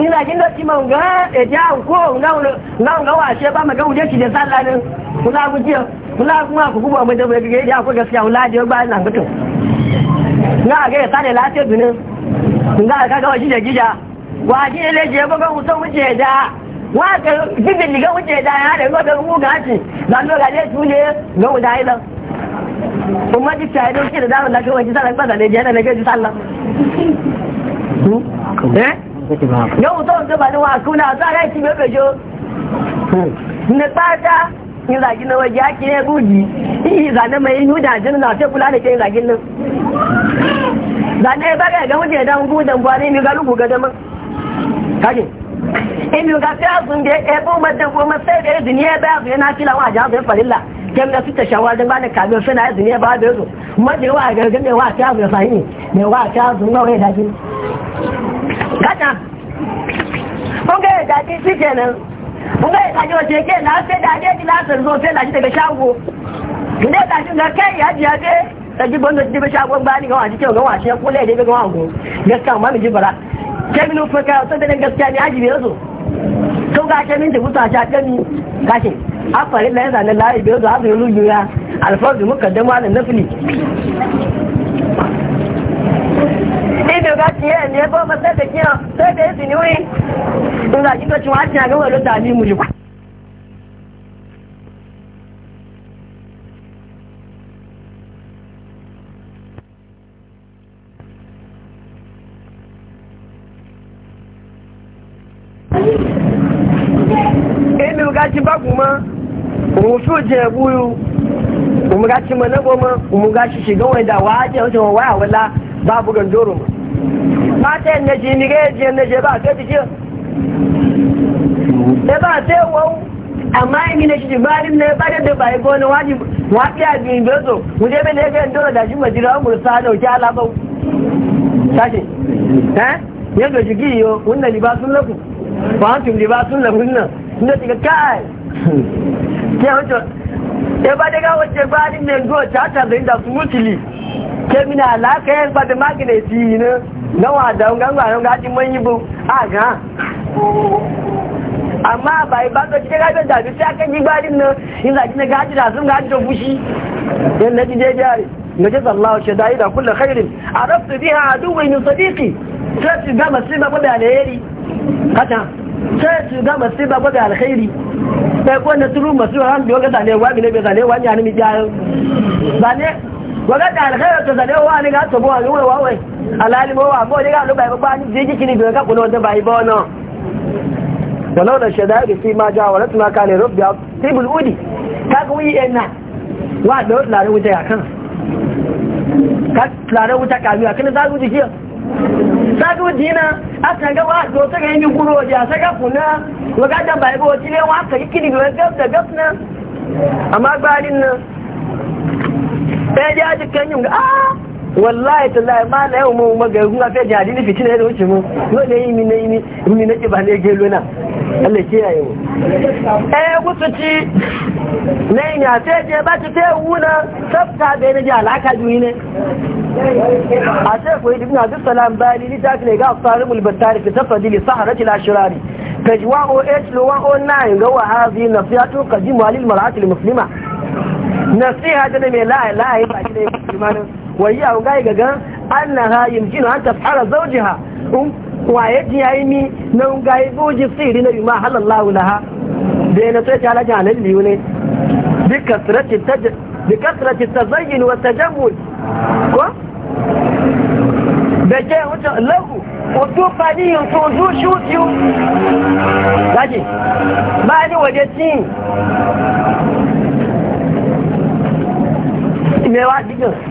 ina jin da timan e ga e ja ko na na ga ba ma ga wuje ki da sallah ne kula gujiya kula kuma ku kuma mu e da ga ya ko gaskiya wala da ba na mutum na ga ya sare lafiya dunin na ga ga washi da gija waje ne je ba ga mutum wuce da wa ga bibin ga wuce da ya da ga mu ga ci dan ga ne tule ga wudai da kuma ji ta yi da damar lafiya wajen sallah ba da ne je da ne ga sallah Eh? yau mutum zane da ga wuce gudan ga emi ga azun da ya bo goma sai da izini ya ya na fila e e wa jazun farilla jem na fita shawar da bani kamin na izini ya ba yazo maje wa ga ga ne wa ta azun sahi ne wa ta azun ga daji kada kun ga e daji shi kenan kun ga daji wace ke na sai daji lasar zo sai daga shago ne daji ya ji ya je ẹjígbọ́ ní ojúdé bẹ́ṣẹ́ agbọ́n gbá nìkan àti kíọ̀gán wà ṣe kúlẹ̀ èdè gbẹ́gbẹ́ wọn gaskiya gẹ́sìkà máa nìjí bara kẹ́mi ló fẹ́ ká ọ̀tọ́ tẹ́lẹ̀ gẹ́sìkà ní ájì bẹ́ẹ̀ sọ tó ká kẹ́mi tẹ̀kú tó àṣà kẹ́mi káṣe afọ̀rí lẹ́yìn sàn lẹ́la ìbẹ́ sọ àbúrò ló yura alifọ́ọ̀dù mú kẹ̀dẹ́ mọ́ àlẹ́nẹ́fìlì. Ibi ọ̀gá ti yẹ ẹ̀mí ẹgbẹ́ ọmọ sẹ́ẹ̀dẹ̀ kí ọ sẹ́ẹ̀dẹ̀ èsì ni wí. Ìgbà tí mo ti wá òun fi buyu, búrú òun ga ti mọ nẹ́gbọ́n mọ́ òun ga ṣiṣẹ́ gan wọ́n dà wá jẹ́ oúnjẹ wọn wá àwọn la bá a bọ̀gàn dóró mọ́. pátá ẹnẹjì ni kí ẹjì ẹnẹjì bá a fẹ́ ti jẹ́ ẹ bá a fẹ́ wọ́n àmọ́ ẹ̀yin ní ṣiṣẹ́ bá rí ní ẹ bá dé dé báyìí gan ni wọ́n á di wọ́n á fi àgbìn ìgbésò mo dé bẹ́ẹ̀ lẹ́gbẹ̀ẹ́ ńdọ́rọ̀ dàjú mọ̀jìlá ọmọ sáà náà jẹ́ alábọ̀ sáṣì ẹ́ yẹn lòdì jẹ́ ẹbá dẹ́gá wọ́n ṣe gbá ní mẹ́gbọ́ a ìdá smoothly kẹ́mínà aláàkẹ́ ẹgbàtẹ̀ mákìnà sí iná náwọn àdáhùn gángà àwọn gájí mọ́yìnbó àgá àmá àbà ìbátọ̀ ti dẹ́gá bẹ́ dàbí sí akẹ́jì gbá nínú ìlàjínà gájí làtún gájí tó fúṣí ẹlẹ́jì dédé rẹ̀ نجد الله شدائد كل خير عرفت بها عدوي من صديقي سيرت جامع سيبا بابي على هيري قطع سيرت جامع سيبا بابي على خيري ẹgbọ́n ní túrú mọ̀ sí ọ̀rán bí ó gẹ́ta lè wá gẹ́lẹ́ gẹ́ta lè wá ní àní ìjá ẹ̀ wọ́gẹ́ta àlẹ́kẹ́rẹ́ tó tẹ̀lé wá ní gáàtọ̀ bọ́ àwọn ìwé wáwẹ̀ aláàlìmọ́wà bọ́ ní gáàlú bá ìpapá ní jíjí kiri ìbẹ̀rẹ̀ kápùnà ọdún bá ìbọ́ náà wọ́lọ́ da ṣẹ̀dá yake fi ma jawo rẹ̀ tuna kane rọ́bìá tíbul udi ta kún yi ẹ̀ náà wà da wuta ya kan lare wuta kamiya kan za su jikiyar sáàtù dínà àtàgà wà tó tẹ́gà ẹni gúrò ọjà àtàgà fún náà lọ́gájà ga tí da wọ́n àkàrí kìrì rẹ̀ gẹ́ọ̀tẹ̀ gẹ́ọ̀tẹ̀ àmàgbárí náà ah wallahi tallahi ma na yau mu maga kun afiya jihadi ne fitina da wuce mu no ne yimi ne yimi yimi ke ba ne gelo na Allah ke yayi mu eh gutuci ne ni afiya je ba ta te wuna tsafta da ne ji alaka juyi ne a ce ko ibn abdul salam bali oh oh ni ta ne ga farimul battari fi tafdili Kaji ashrari page 108 lo 109 ga wa hadhihi nasihatu qadimu lil mar'ati al muslima nasiha da ne mai la ilaha illa allah ba shi ne musulmanin wayi a ga gaga annaha yumkinu an taf'ala zawjiha um, waye ji yayi mi na ga yi buji sirri na yuma halallahu laha da na sai ta laji ne wa tajammul ko da ke wuce lahu fani yin zu ba ni waje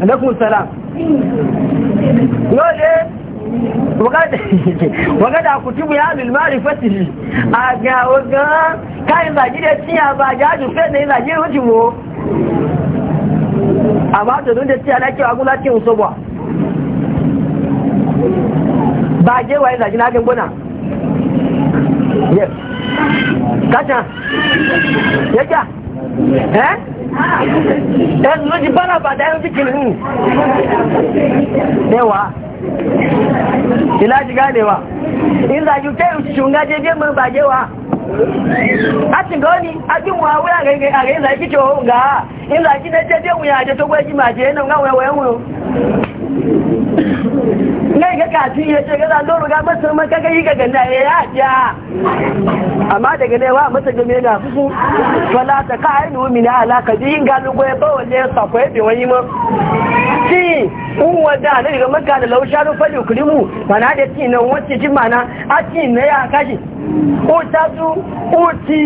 alaikum salam yau ne wagada kutubu ya alul marifati a ga waga kayan zagi da ciya ba jaju kai yi zagi wuce mu a ba ta da ciya na wa gula ce uso ba a gewa yi zagi na gona yes kacha yaka ẹ́ ẹ̀sùn ló ti bọ́lá bàtà ẹ̀rùn ti kìlì hùn dẹ́wà ìlàjì gáàdẹ̀wà ìlàjì kẹrù ṣùgbọ́n jẹ́ mọ́ wa ati goni aki mwawe arenge arenza ikicho nga inza chine chete uyaje togwe chimaje eno nga wewe ngai ga kafi ya ce gaza don ruga masa maka ga yi ga ganda ya eh, ya ja amma daga ne wa masa game na fusu fala ta ka ainu mina alaka ji yin galu goye ba wanda ya sa koye bi wani ma ci un wanda ne daga maka da lausha ru fali kurimu mana da ci nan wacce ji mana a ci na ya kashi ko ta su ko ci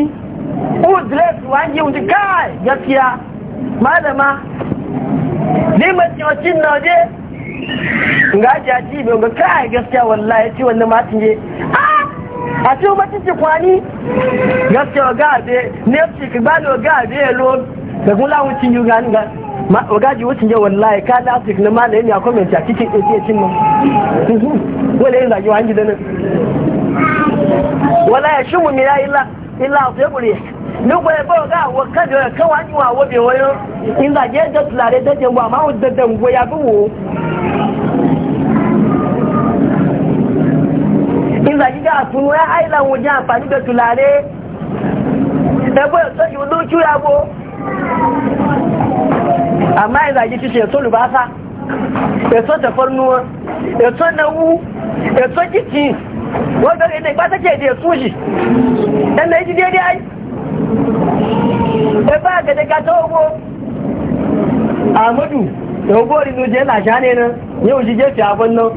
ko dress wani wani kai gaskiya malama ni mace wacin na waje ga jaji bai ga kai gaskiya wallahi ci wannan matin je ah! a ci matin titi kwani gaskiya ga be ne ci ka balo ga ya lo da kula wucin ga ga ma wucin wallahi ka na afrik na malai ne a comment a cikin ake e cin nan [laughs] wala yin zagi nan ya shimu mi ya illa nígbà ẹgbẹ́ ọ̀gá àwọn kẹ́jọ ẹ̀ kẹwàá ní àwọn obìnrin wọn nígbà jẹ́ ẹjọ́ tìlàrẹ tẹ́jẹ̀ wà máa ń dẹ̀dẹ̀ wọ ya bí wò nígbà jíjá àtúnú ẹ́ àìlà wọn jẹ́ àǹfààní bẹ̀ tìlàrẹ ẹgbẹ́ ẹ̀tọ́ wọ́n bẹ̀rẹ̀ ní ìgbà tẹ́jẹ̀ yìí ẹgbẹ́ ka tó owó àmúdù owó ìlú jẹ́ làṣáni náà ní òjíjẹ́ fi àwọn náà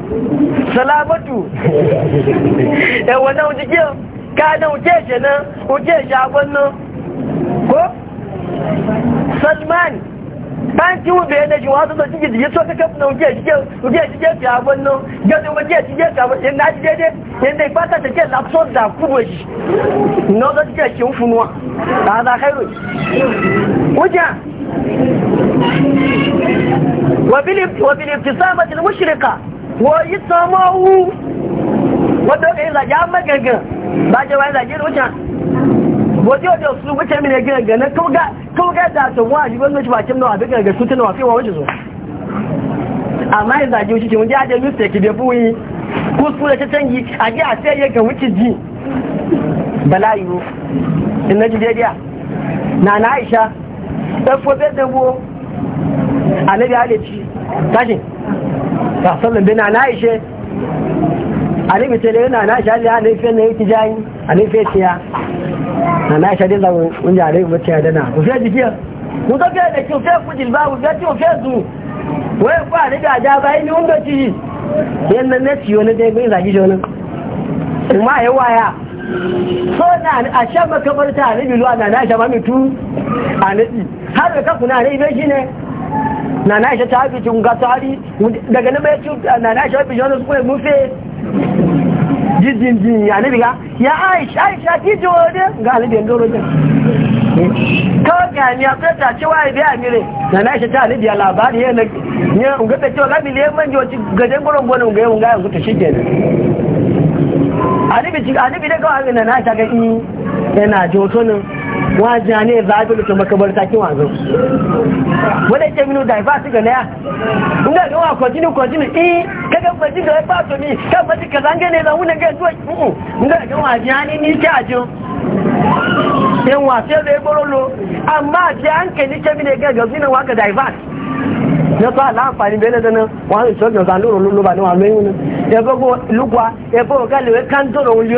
sọlábọ́tù ẹ̀wọ̀n náà òjíjẹ́ káàdà òjẹ́ ìṣẹ̀ náà òjẹ́ ìṣẹ̀ àwọn Salman banki wo bẹ̀rẹ̀ ní ṣùgbọ́n àtúntò tí kìí tó kẹ́kẹ́ fún ojú ẹ̀ṣíjẹ́ fi àwọn da gẹ́gẹ́ ojú ẹ̀ṣíjẹ́ fi àwọn ẹ̀nà àjídẹ́dẹ́ ẹ̀nà ìpátàtẹ̀kẹ́ látọ́dà kúrò yìí náà lọ́dọ́dẹ́ ṣe ń fún wọn láàdá kẹ́rò yìí wàbílì tìsáàmà ti wúṣìríkà wọ́n yí tọ́mọ́ wú wọ́n tó wajen wajen su wuce mine gina gane kawga da su wa shi gwamnati ba kim na wafi gina gasu tana wafi wa wajen zo amma yin zage wuce ke wajen ajiyar yusta ki bebu yi kuskure ta canji a ji a sai yakan wuce ji bala'i ro in na ji daidai na na aisha ɗan fobe dabo a na biya halici tashi ta sallan bai na na aishe a ne bitale yana na aisha ne a ne fiye na yi tijayi a ne fiye tiya ana aisha dai zamu mun ja dai mu tiya dana ku sai jikiya ku ga ga da ku sai ku jilba ku ga ku sai zu wai kwa ni ga ja bai ni unga ci yan nan ne ciyo ne dai bai zagi jona kuma yi waya so na a sha makabarta ne bilu ana na sha mami tu anadi har da kafuna ne bai shine na na aisha ta hafi cin gasari daga nan bai ci na na aisha bai jona su kuma mufe jijin jin ya ni riga ya aisha aisha ki ji wani ga alibiyar dorojin kawai ga ni a fata cewa ya biya mire na na aisha ta alibiyar labari ya na gata cewa ga miliyan manjo ci gajen gurin gwanin ga yawon gayan kuta shi ke nan alibi da kawai na na aisha ga yi yana jotonin wajen ne zaɓi da kuma kabar takin wazo wadda ke minu da ifa su ga na ya inda ga wa continue continue kan maji ga ba to ni kan maji ka zange ne zaune ga to nga ga wa jani ni ta ajo yan wa sai da borolo amma ji hankali ke mine ga gazi na waka divert ya to ala amfani bele ndị wa so ga ndị loro lolo ba ni wa ndị wani ya ga go lugwa ndị ga le kan to ro ni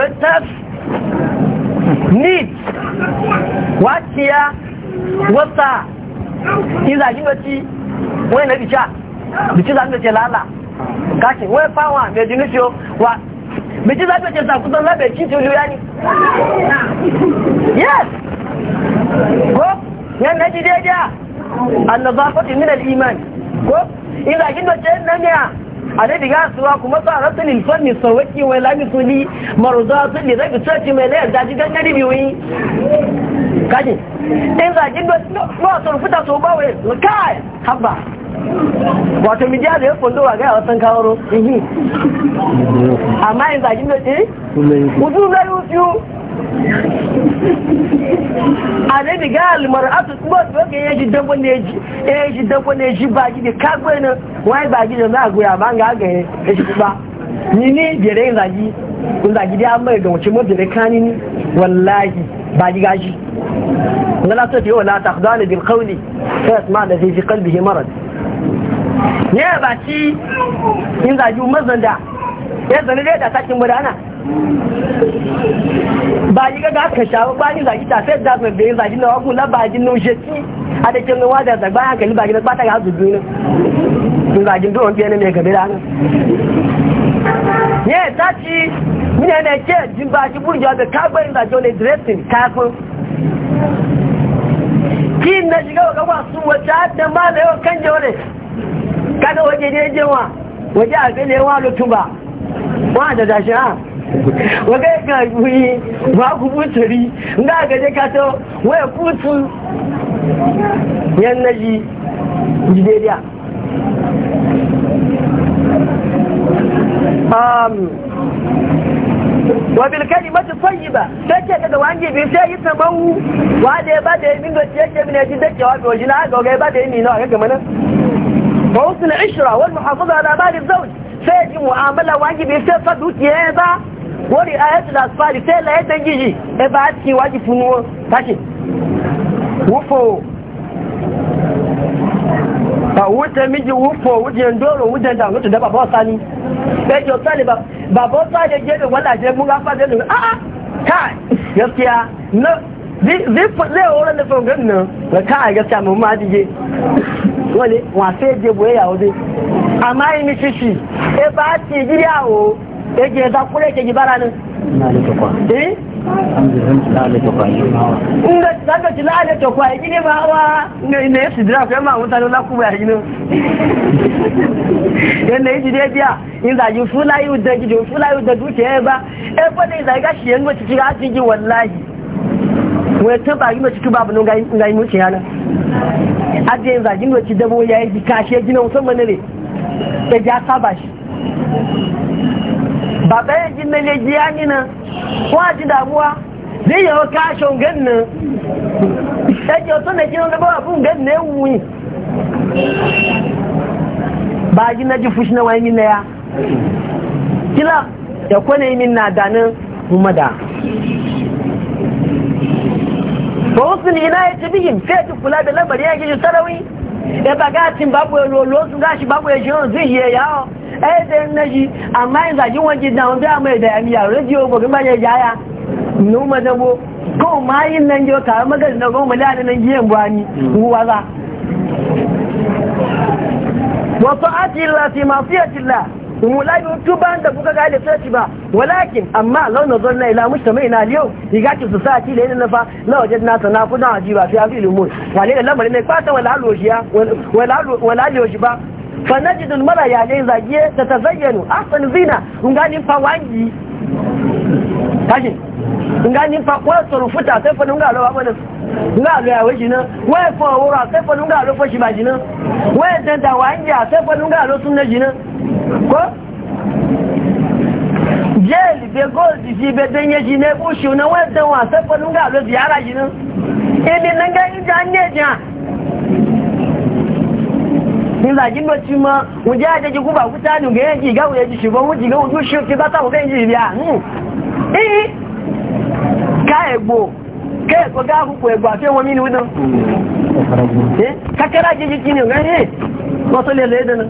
na kashi wai fawa da jinisho wa biki za ta ce sakutan labe ci tulu ya ne yes ko yan na ji daidai annazafatu min al-iman ko idza kin da ce nan ya alaihi ga suwa kuma tsaratu lil fanni sawaki wa la misuli marzatu li rabi sati kaji in za kin da no so rufuta so ba wato mijiya da ya kwando a gaya wasan kawaro ihi amma yin zagin da ce kudu na yutu a ne bi ga almar asu kuma su yake ya ji dabo ne ji ya ji dabo ne ji bagi da kagwai nan wani bagi da na goya ma ga ga ya shi kuma ni ne jere yin zagi kun zagi dai an mai ga wace mun jere kanin ni wallahi bagi gashi na la tafi wala bin bil qawli fa yasma da fi kalbi marad ya ba in zaju mazanda ya zane da sakin gudana ba yi gaga aka shawo bayan zaki ta sai da mai bayan zaki na wagun na bajin nushe a da kin wada da bayan kalli baki na bata ga hazu biyu ne zaki don biyan ne gabe da ne ta ci ke jin baki kafin na shiga ga wata da ma da yau kan kaga waje ne jewa waje a gane wa lutuba wa da dashi ha waga ga guri ba ku buturi nga ga je ka to waya kutu yan naji jideriya um wa bil kalimati tayyiba take daga wange bi sai yi tabawu wa da ba da min yin da take ne ji da cewa to shi na ga ga ba da yin ni na ga mana وحسن العشرة والمحافظة على مال الزوج فيجب معاملة واجب يستفد وتيابا ورعاية الأطفال سيلا يتنجيجي إبعاد واجب فنوه تاشي وفو wuta miji wufo wujen doro wujen da wuta da babban sani sai sani ba babban sani je wala je mun gafa da a a ta gaskiya na zai zai zai horon da fongan nan ga ka gaskiya mun ma wọ́n lè wọ́n àti èjèbò ẹ̀yàwó dé àmá ìmí ṣíṣì ẹbá ti ìjírí àwò èjì ẹ̀dá kúrẹ́ ìkejì bára ní ndọ̀tí láàrẹ tọ̀kọ̀ àìjí ní máa wá ilẹ̀ èsì a máa ń tàbí lákúrẹ́ àìjí náà ẹnà ìjìdé bíà ìzàjú fúláyí ìdẹ̀jìdè fúláyí ìdẹ̀dúkẹ́ ẹbá ẹgbọ́n ìzàgá ṣe ń ní ajiye zagin wacce dabo ya yi jika shi ya gina musamman ne ya ja saba shi ba ɗaya gina ne jiya nina ko a ji damuwa zai yawa kashin ganna ya ke wato na gina dabo abin na ya wuyi ba gina ji fushi na wani na ya kila ya kwane min na danin umada ba wasu ina ya ci kula da lamari ya gidi sarawi ya baga cin babu ya lolo sun gashi babu ya shi yanzu yawo amma yin zagin na ya mai da yamiya rediyo ba gaba ya jaya numa dabo ko ma yin nan magana goma da giyan buwani wasu ati masu yati wula bi tu ban da kuka ga lissafi ba walakin amma law nazarna ila mujtama'ina al-yawm diga ki society da yana fa la wajadna tanafuna ajiba fi amri al-umur wale da lamarin ne kwata wala aloshiya wala wala ba fa mara ya zagiye ta tazayyanu ahsan zina kun tashi nga ni fa kwa soro futa sai fa lo lo ya fa sai fa lo wanja sai fa lo sunna ko jeli be be denye bu na wa sai fa lo ziyara ibi nan ga ne ja ni za jimbo ji ee ka egbo ka egbo ga akwụkwọ egbo àti ẹwọ mínú ìdán kakara jeji kini ọ̀gá ihe lọ́tọ́ lè lè dánà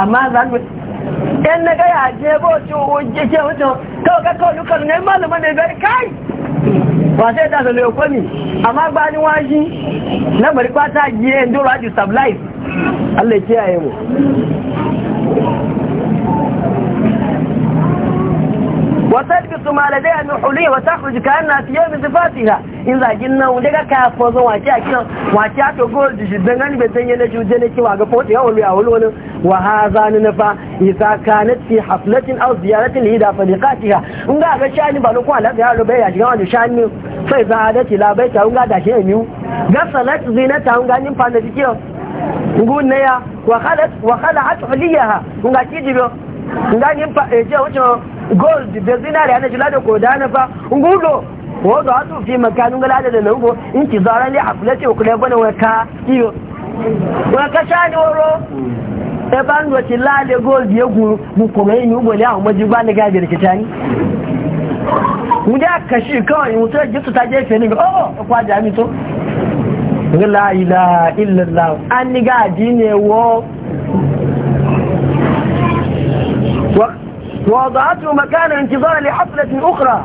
àmá zanwe ẹn na gaya jẹ bó tí ó jẹjẹ ó tán káwọ kakọ olùkọlù ní ẹmọ́ lọ́mọ́ lè bẹ̀rẹ̀ mi pátá ẹ̀ ń àjù alẹ́ وتلبس ما لديها من حلية وتخرج كأنها في يوم صفاتها إن ذا جنة ولغا كافوز واتيا كنا واتيا تقول جدنا بدنيا نجو جنة واغا فوت يقول يا ولون وهذا ننفع إذا كانت في حفلة أو زيارة لإدى صديقاتها إن ذا شأن بلوكو على ذا ربيع جوان شأن فإذا عادت إلى بيتها إن ذا شأن غسلت زينتها إن ذا نمفع نتكيو نقول نيا وخلت وخلعت حليها إن ذا تيجي nga yin fa e eh, je wucin gold de zinare ana jula da dana fa ngudo do atu fi makanu ngala da da lugo in ki zara li aflati o kule bana wa ka iyo wa ka shani woro e ban do ti lade gold ye guru mu ko me ni ubo le awon maji ba ni ga bi rikitani mu da kashi kawai mu to su ta je fe ni o oh, o ja mi to la ilaha illallah an ni ga dine wo ووضعته مكان انتظار لحفلة أخرى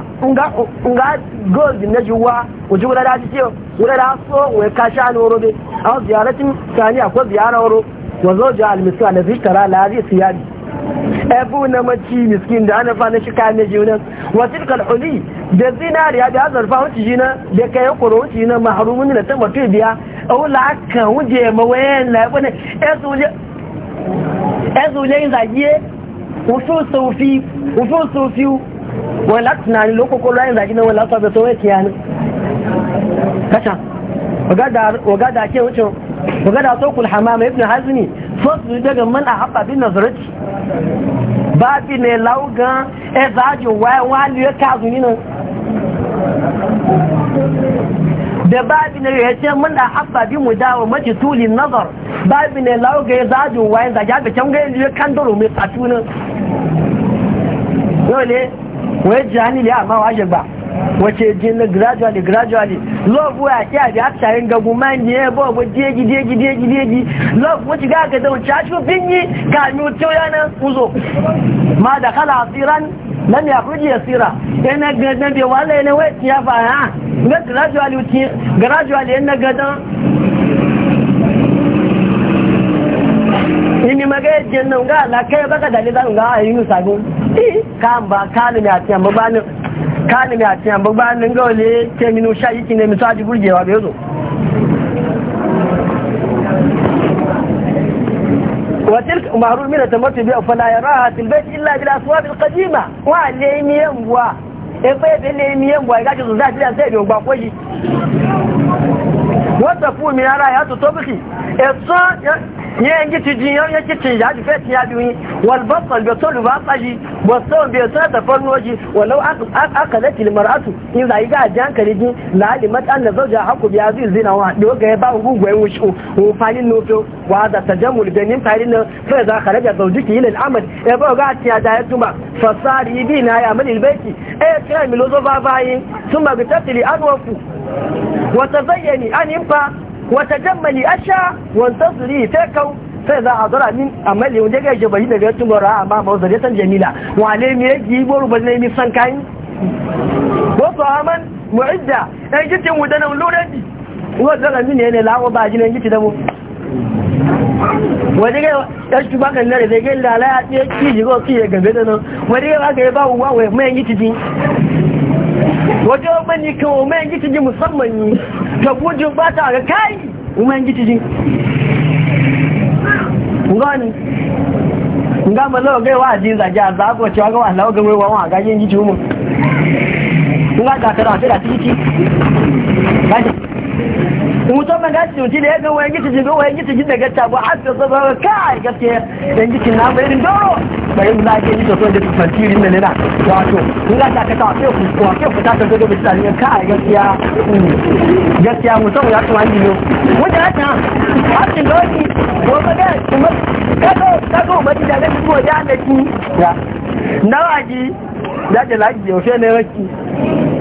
انقاد جوز النجوة وجوه لا داعي سيو ولا داعي ويكاشان وروبي أو زيارة ثانية أو زيارة وروب وزوجة المسكين الذي ترى لهذه الثياب أبو نمتشي مسكين ده أنا فانا شكا نجيونا وتلك الحلي ده الزينار هذا هذا الفاو تجينا ده كي يقروا تجينا محرومون لتمتو بيها أو لعكا ودي موين لا أبونا أزولين زيه usul sufi usul sufi wọn láti náà ní lókòkò lọ́yìn ìrìnàjí náà wọn látọ̀ bẹ̀ tó wẹ́ kìí àní kàṣà ọgádà kí wucin ọgádà tó kùl hamama ibn hazmi fọ́sùn daga man a haɓa bí nazarati ba bí ne laugan ẹzá da babi ne ya ce mun da habba bi mu dawo mace tuli nazar babi ne lawo ya zaɗi wayan da ya bikin ga ya kan doro mai tsatunan dole wai jihani ne amma waje ba wace jin gradually gradually love wa ke abi hata yin gagu man ne ba ba deji deji deji deji love wace ga ga da chacho binyi ka mu to yana uzo ma da kala asiran lam ya kuji ya sira sai na gadan bai wala ne wai ya fa ha bezo وتلك مهرور من تمرت بها فلا يراها في البيت إلا بالأسواب القديمة وعليه ينبوا إبقى إليه إذا كنت تزاعد لها سيدي سيبه وباقوشي وصفوا من أراها تطبخي إبصان yẹn jí ti jiyàn yẹn jí ti yàjú fẹ́ ti yàjú yìí wọ́n bọ́ sọ̀lbẹ̀ tó lùbá pàjì bọ́ sọ̀rọ̀ bẹ̀ sọ̀rọ̀ tẹ̀fọ́ ní ojì wọ́n lọ́wọ́ akàlẹ̀ tìlì maratu in zàyí gá àjẹ́ àǹkàlẹ̀ jí láàlì mẹ́ta na zọ́jà hakù bí azu ìzina wọn àti ó gẹ̀ẹ́ bá ń gúgbẹ̀ ń wuce wọn fani ní ofe wà ya tuma fasari ibi na ya mani ilbeki wata zayyani an wata jammali sha, wanta zuri ta kau sai za a zura min amali wanda ya je bai daga tun gora amma ba zuri san jamila wale me yaji boru ban ne mi san kai ko to aman mu'idda dan gitin wudana luraji wa zara min ne lawo ba jinan giti da mu wani ga ya shi kan nare da ya ci ya gabe da nan wani ga ya ba mai waje mani kan umayen gitijin musamman yi ta gujin ba ta ga kai umayen gitijin gani nga ma lawa gaiwa a jin zage a ga cewa gawa lawa gaiwa wawan a gajen gitijin mu nga ga tara a tara titi mutum ga cikin ci da ya gan wayan gici ga wayan gici ji daga tabo ta zaba kai gaskiya dan gici na bayin doro bayin da ke ni to so da tafsirin na wato kun ga ta ka ta sai ku ko ke fita ta ga bitan ta kai gaskiya gaskiya mutum ya tuwa ni yo wanda ya ta ta ko ba kuma kago kago ba da ga ko da na ki ya ta da yaushe ne waki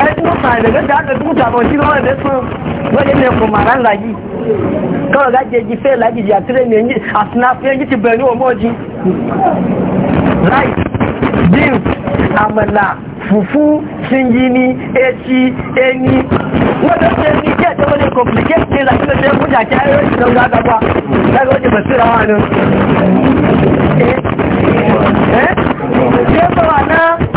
ai kuma fa daga da aka tuta ba shi ba da su wani ne ko maran lagi kawai ga je ji fe lagi ya tire ne ni asna fe ji ti bani o moji right din amala fufu singini eti eni wanda ce ni ke da wani complicated ne lakin da mu da kai yau don ga gaba daga wajen basira wani eh eh ke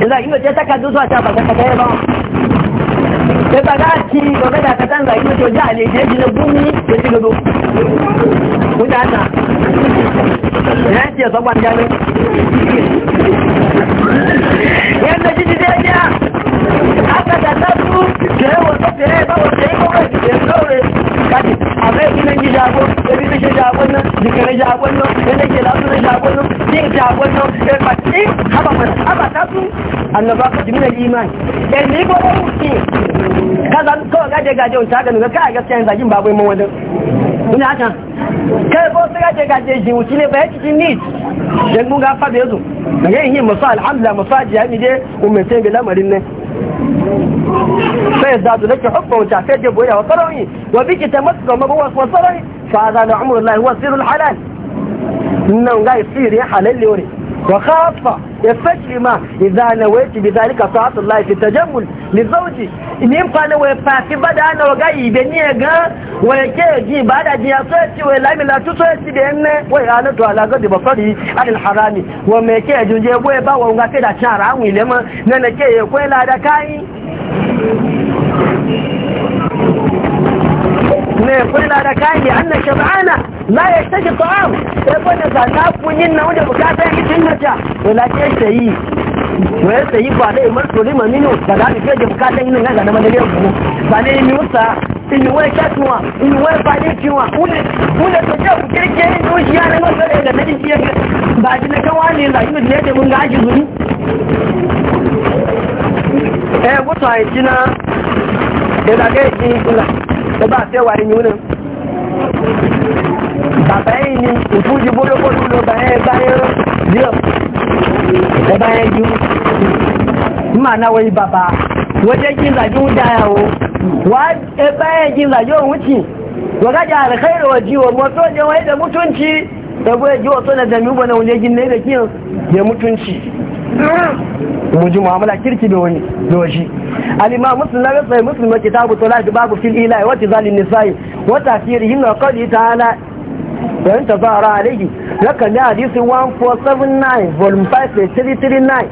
yanzu yi mace takardu zuwa ta baka kaɗaya ba sai ba za a ci gobe da ka canza yi mace ji a ne ya ce sabon jami'in yadda ji aka da tasu ke wasu fere ba wasu baki amma idan ki jago da bi shi jagon nan na jagon nan da nake lasu na jagon nan sai jagon nan da ba ce haba ta su annaba ka jimina liman dan ni ko ba mu ce kaza to gaje gaje on ta ga ga gaskiya zagin babu mun wadan ina kan kai ko suka ce ga je jiwu ne ba yake cikin nit dan mun ga fa da yazo daga yin masu alhamdulillah masaji ya mi dai ummatin bi lamarin ne sai da da ke hukuma wuta sai je boya wa sarawi wa biki tamassuka ma huwa wa sarawi fa hada la umru allah huwa sirrul halal nan ga sirri halal ne وخاصة يفكر ما إذا نويت بذلك طاعة الله في التجمل لزوجي إن يبقى نوي فاتي بدا أنا وقاي بني أغا ويكي جي بعد جي أصوتي ويلام لا تصوتي بأنه ويغانتو على قد بصري عن الحرامي وميكي جنجي ويبا وونغا كده شعر عمي لما ننكي يكوي لا دكاي يقول لك كاي أن شبعانا ما يشتكي الطعام يقول لك أنا yi نوجه بكاتا يجي النجا ولكن يشتهي wai sayi ba da imar tori mamino da za su fiye da bukatan yi nan ga da liyan ku ba ne yin yusa in wai kasuwa in wai ba ne kiwa kule kule to ce ku kirke yin doshi ya na masa da na jin ciye ba ji na kan wani ne da mun ga aji zuri eh a yi jina da yi ko ba sai wari ni bàbá yìí ni ìfúnjì bólóbólú ló bàá yẹn báyé díọ̀ ẹ bá yẹn ju mà yìí bàbá wọ́n jẹ́ kí n ń dára o wà ẹ bá yẹn kí òun tì wọ́n kájà àrẹ̀kẹ́ ìrọ̀jì o mọ̀ tó jẹ́ wọ́n ẹ̀dẹ̀ mútúnci ẹ̀bọ́ ẹ̀jẹ̀ ọ̀tọ́ nà mun mu'amala kirki da wani da ta al ta muslim la muslim wa kitabu talaq babu fil ila wa tizalin nisa'i wa tafsirihi wa qawli ta'ala wa anta zahara alayhi laka ni hadisi 1479 volume 5 339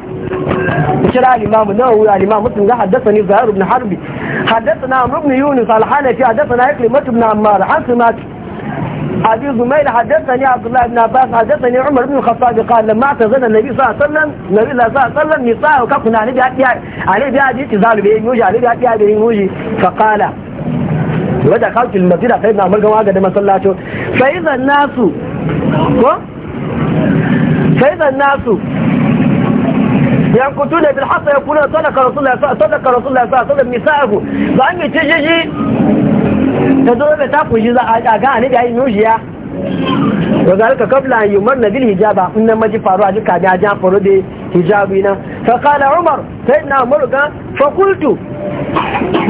shira أبي زميل حدثني عبد الله بن عباس حدثني عمر بن الخطاب قال لما اعتزل النبي صلى الله عليه وسلم النبي صلى الله عليه وسلم نساء وكفنا عليه بها بيعدي عليه بها بيعدي بها بيموجي عليه بيعدي بيموجي فقال ودخلت المسجد سيدنا عمر كما قد ما الله فإذا الناس فإذا الناس ينقتون بالحصى يقولون صدق رسول الله صدق رسول الله صلى الله عليه وسلم نساءه فأمي تجي ta zo da ta kushi za a ga ne da yin ga wa zalika qabla an na bil hijaba in nan maji faru a duka da jan faru da hijabi na fa kala umar sayyidina umar ga fa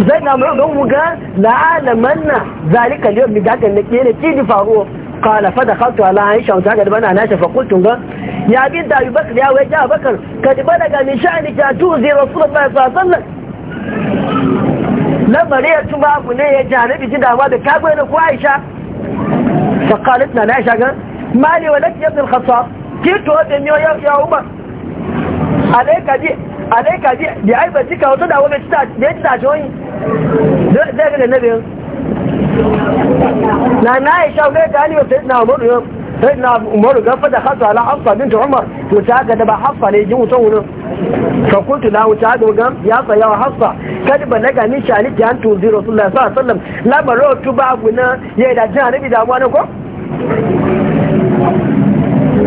sai na umar ga mu ga la alamanna zalika liyo mi ga na kene ne kidi faruwa kala fa dakhaltu ala aisha ta ga bana na ta fa qultu ga ya bi da bakar ya wai ja abubakar kad balaga min tu tuzi rasulullahi sallallahu alaihi wasallam lamari ya tuma abu ne ya ji hannabi ji damuwa da kago yana kuwa aisha fakalit na aisha gan mali wa lati yabin ki to da miyo ya ya umar alaika ji alaika ji bi aiba tika wato da wani ta da ta joyi zai ga nabi na na aisha ga gani wa sayyidina umar yau sai na umaru gafa da hatu ala hafsa binta umar to ta haka da ba hafsa ne jin wutan wurin na wuta dogon ya tsaya wa hafsa kada ba na gani shani ki an tuzi sallallahu alaihi wasallam labarin tu na ya da jin hanabi damuwa ne ko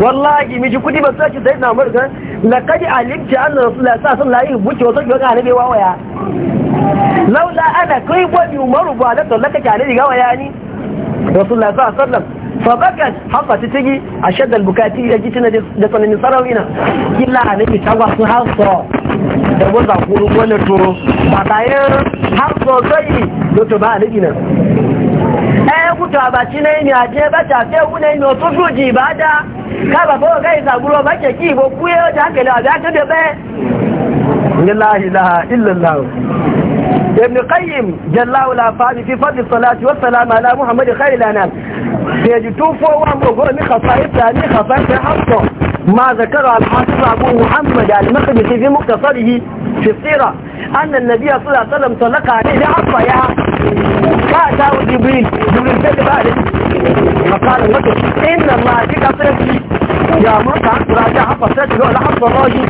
wallahi miji kudi ba sai sai na umar gan laqad alimti anna rasulullah sallallahu alaihi wasallam la yubuki ga hanabi wawaya laula ana kai gwani umaru ba da tallaka ki hanabi ga wayani rasulullah sallallahu alaihi wasallam fabakat haka ta tagi a shaddal bukati ya ji tana da tsananin sarauna kila a nabi ta wasu hausa da wanda kuru wani turo ba bayan hausa zai doto ba a nabi nan ɗaya kuta abaci na yi a je ba ta fe kuna yi notu soji ba da ka ba ba ke ki ko kuye da a ta da bai illallah ابن قيم جلاله la في فضل الصلاه والسلام على محمد ala muhammad khairil anam page 241 bogo ni khasa'is ni khasa'is ما ذكر الحافظ أبو محمد المقدسي في مقتصره في السيرة أن النبي صلى الله عليه وسلم طلق عليه عصا يا فأتاه جبريل جبريل كذب عليه فقال لكم إن الله فيك صيفي يا مرقع راجع عصا سيدي له لحظة راجل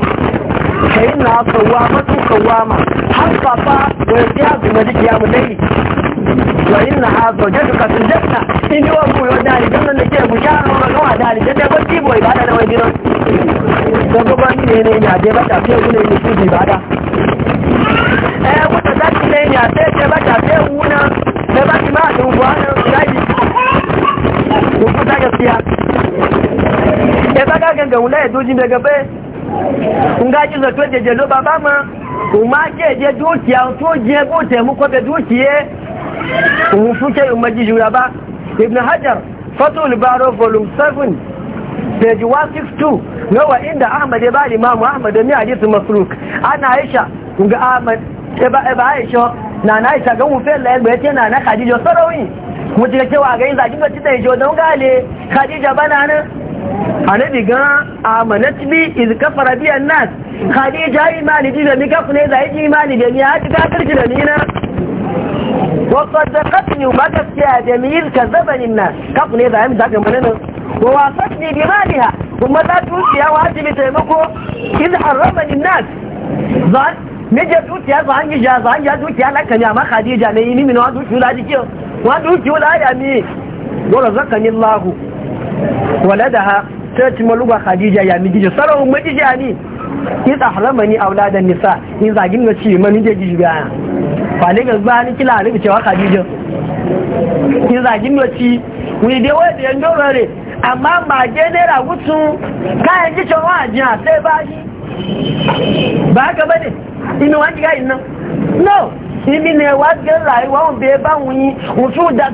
sayin na kawwa matu kawwa ma har kafa da ya zuma da mu dai wa hazo hadha jaduka sun janna in wa ku yo dari dan nan ke bushara wa kawa dari dan da bacci boy ba da wai gidan da gaba ne ne ya je ba ta fiye ne su shi ba da eh wata zaki ne ya sai ce ba ta fiye wuna da ba ki ma da wani gadi ku ta gaskiya ya ta ga ganga wula ya doji daga bai nga ji zato da lo baba ma kuma ke je dukiya to je ko taimako da dukiye mu fu ke fuke ji jura ba ibn hajar fatul baro volume 7 page 162 no wa inda ahmad ya ba imamu ahmad ne hadisi masruk ana aisha nga ahmad e ba e ba aisha na na aisha ga mu fella ya gbe na na khadija sarawi mu ji wa ga yin zaki ti tita jo don gale khadija bana nan annabi ga amanat bi iz kafara bi annas khadija imani bi mi kafne da yi imani da ni ya ji kafirci da ni na wa ni ma gaskiya da mi iz kazabani annas kafne da yi da ga manana wa wasat ni bi maliha kuma ta tuciya wajibi taimako iz ni annas zan nije tuciya zan yi ja zan ya tuciya kan ya ma khadija ne yi mimi na la ji ki wa tuciya la ya mi dole zakani allah waladaha ta ci maluga khadija ya mi gije sarau ma gije ni ki tsahlama ni auladan nisa in zagin na ci ma ni je gije ga fa ne ga ba ni kila ni khadija in zagin na ci wi dai wai da yan dore amma ba je ne ra gutsu kayan gije wa ajiya sai ba shi ba ka no ibi ne rayuwa ba wun yi wutu da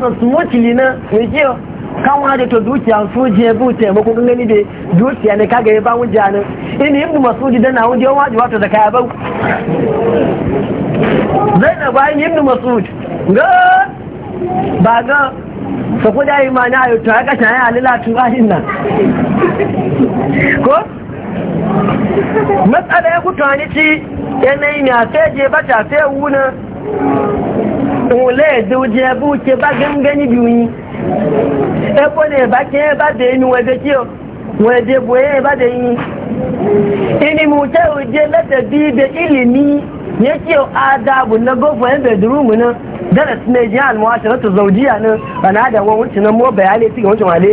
kan wani da to dukiya su je bu taimako kun gani da dukiya ne kaga ya ba mu jani in yi masu ji dana wuje waji wato da kaya bau zainab bayan yi masu ga ba ga ta kuda yi ma na ayo to haka ta yi halila turanin nan ko matsala ya kuta wani ci yanayi a sai je ba ta sai wuna ule duje bu ke ba gangani biyu yi ẹkọ́ ní ẹ̀bá kí ẹ bá dé inú ẹgbẹ́ kí ọ wọ́n ẹ̀dẹ́ bọ̀ ẹ bá dé yìí inú mú tẹ́ ò jẹ́ lẹ́tẹ̀ bí ibẹ̀ ìlì ní yẹ kí ọ adáàbò na gọ́fọ̀ ẹ̀ bẹ̀ dúró mú náà dẹ́rẹ̀ sí ní ìyá àlùmọ́ aṣọ tó zọ̀díyà náà bàná àdà wọn ti na mọ́ bẹ̀yà lé sí ìwọ̀n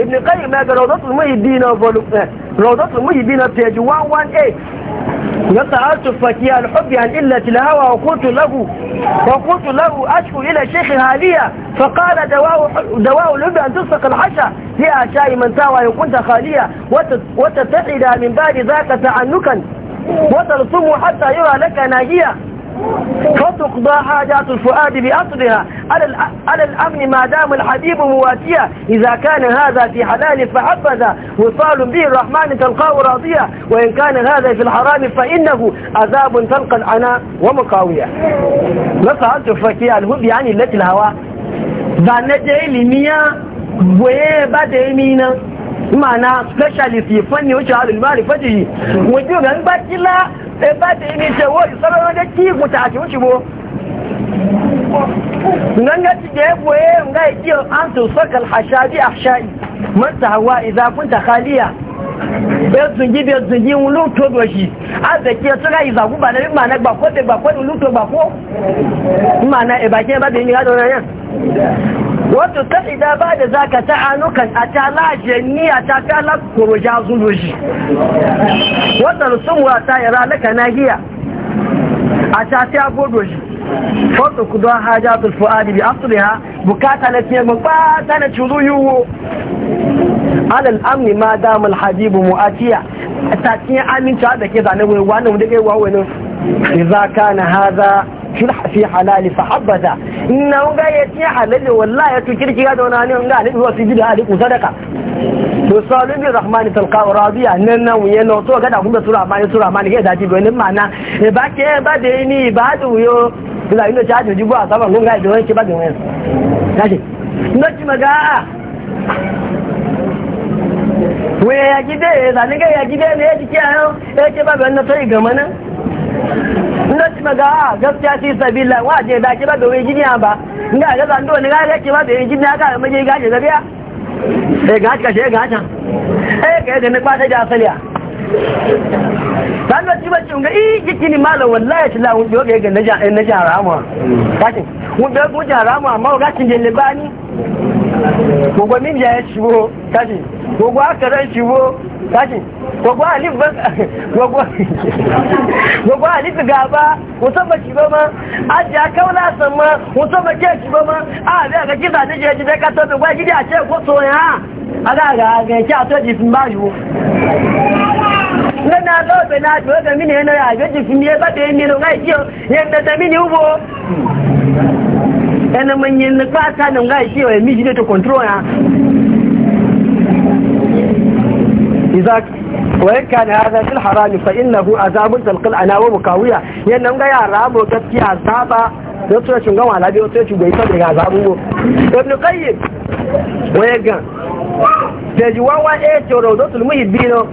ibn qayyim ma ga rawdatul muhibbin na eh, rawdatul muhibbin page وسألت الفتي الحب عن إلة الهوى وقلت له وقلت له أشكو إلى شيخ هالية فقال دواء دواء الحب أن تسق العشاء في عشاء من تاوى كنت خالية وتتحد من بعد ذاك تعنكا وترسم حتى يرى لك ناجية فتقضى حاجات الفؤاد بأصلها على, على الأمن ما دام الحبيب مواتيا إذا كان هذا في حلال فحفظ وصال به الرحمن تلقاه راضيا وإن كان هذا في الحرام فإنه عذاب تلقى العناء ومقاوية نصحل تفكي الهب يعني التي الهواء ذا لمياه لميا ويبادئ مينا mana specialist yi fanni wuce halin mari faji yi wajen ga ba kila e ba ta yi ne ce wo sarara da ki guta a wuce bo nan ga ci da ya boye ga yi an su sakal hashabi ahshai man ta hawa idza kunta khaliya bẹ́ẹ̀ zùnjí bẹ́ẹ̀ zùnjí ń ló tó bọ̀ sí azẹ̀kí ẹ̀tọ́lá ìzàkú bà náà màá náà gbàkó tẹ gbàkó ló tó gbàkó màá náà ẹ̀bàjẹ́ bá bẹ̀ẹ́ ní adọ́rọ̀ yẹn wato ta ida ba da za ka ta'anukan a tala niya ta kala kuruja zuluji wata rusumwa ta yi ranaka nahiya a ta ta godoji wato a hajja tulfu'adi bi ha bukata na fiye bata na curu yiwu alal amni ma damar bu mu'atiya ta cikin amincewa da ke zane wani wani wani iza kana haza fi halali fa habbata inna ga yati halali wallahi ya tukirki ga dona ne ga halali wasu bid'a ali sadaka to salim bi rahmani talqa rabiya nan nan wuye no to ga da kuma sura mani sura mani ga ji bi mana e ba ke ba de ni ba du yo da ina cha ji ba sa ba ngai do ke ba de wani daji no ji maga we ya gide da ni ga ya gide ne ya ji ke ayo e ke ba ban na sai ga mana maga gaskiya fi sabila wa je da ke ba da wai ba nga ga zando ne ga ke ba da wai ga ga je eh ga ka she ga ta eh ga ga ne ba ta da asaliya dan ci ba ci ga i kiki malam wallahi ta yo ga na ja na ja rama kace mun da mu ja rama ga je ko ja ko kashi gwagwa alif ba gwagwa alif ga ba wasan ba ci ma ajiya kaula san ma wasan ke ci ba ma a da ga kisa ne je da gidi a ce ko to ya aga ga ga a to na ga mini na ya ga di ne ba de ga mini ubo kwata ga ya iza wai wayan kana hada fil harami fa innahu azabun talqil ana wa mukawiya yannan ga yara bo gaskiya zaba da to shi gawa labi to shi goyi saboda azabun go ibn qayyim wayan ga daji wawa e to rawdatul muhibbino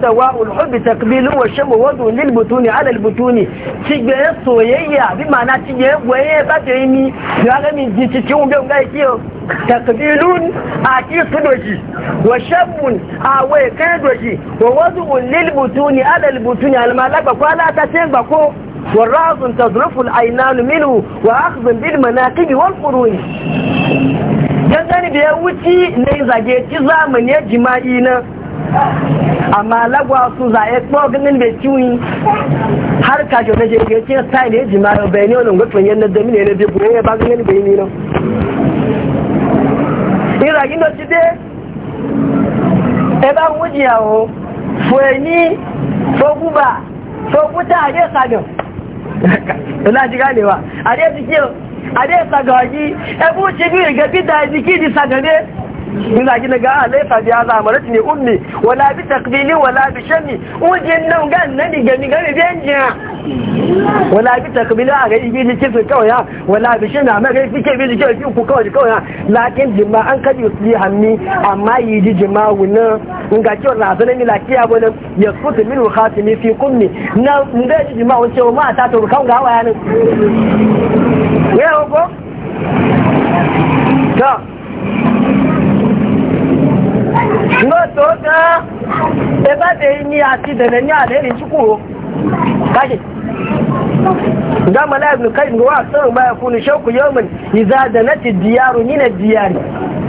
da wa ul hubb taqbilu wa shamu wa dun lil butuni ala al butuni cigbe soyayya bi mana cigbe goye ba da yimi ya ga min ji cikin ga ga kiyo taqbilun a ki su doji wa shamun a waye kai doji wa wazu ulil butuni adal butuni almalaka kwala ta ce bako wa razun tazrufu al'ainanu minhu wa akhdhun bil manaqibi wal quruni dangane da ya wuci ne zage ci zamani jima'i na amma lagwa su za a kuma ganin bai ciwi har kashe na jirgin cin sai ne jima'i bai ne wani gwatwan na damine na bai buwaye ba ganin bai ne na iragin da ci dai ebe an wujiyawo fweni foguba fokuta a dai sagin ina ji ganewa a dai jike a dai sagawaki ebu ci biyu ga fita jiki di sagane ina gina ga alai sabi ya zamarci ne ummi wala bi takbili wala bi shami ujin nan gan nan di gami gami benjiya wala bi takbili a ga ibi ni cikin kawai ya wala bi shami a magai fike bi jikin ku kawai kawai ya lakin jima an kaji su yi hannu amma yi ji jima wunan ga kiwon wala sanan ni lafiya bane ya futu min khatimi fi kummi na nga ji ma wace ma ta to kan ga waya nan ya ko ta ngo to ta e ba de ni ati de ne ni ale ni chuku kaje da mala ibn kayyim wa sallu ba yakunu shauku yawmin na ci diyaru ni na diyari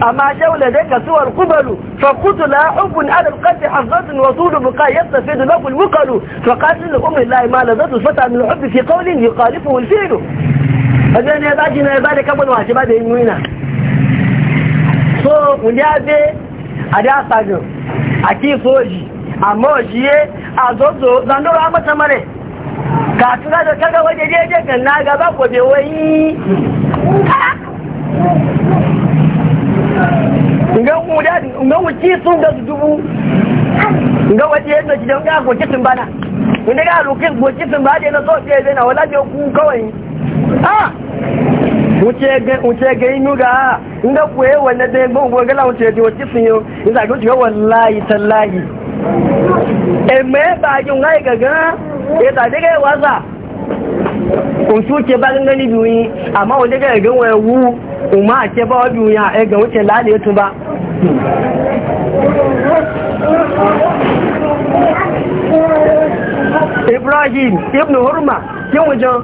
amma shaula dai kasuwar kubaru, fa kutu la ubun ala alqati hazatun wa tudu buqa yastafid lahu almukalu fa qatil umri la ma la zatu fata min alhub fi qawlin yuqalifu alfilu hada ne baji ne ba da kabul wace ba da yin muina so mudia be ada sajo aki soji amma jiye azozo zandoro amma tamare ka tuna da kaga waje je je kan naga ba ko be wai nga wuce sun da dubu nga waje yadda ci don ga goce sun bana inda ga ba da na so sai na wala ne ku kawai ah wuce ga yi nuga inda kuwa e wannan dai gbogbo gala wuce ji wuce ga wuce ga wallahi tallahi ba ba biyu amma wanda ga umma ke ba wabi wuya a eh, ga wuce lalaye tu ba ibrahim ibn hurma yin wajen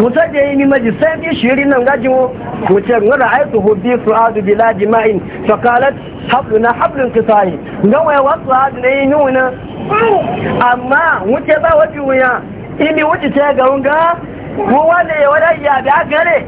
wutar da yi mimaji sai fi shiri nan gajiwo wuce ngara aiki hobi su adu bila jima'in fakalat hablu na hablun kisayi gawaye wasu adu na yi nuna amma wuce ba wabi wuya imi wuce ta ga wunga kowa da ya wadayya a gare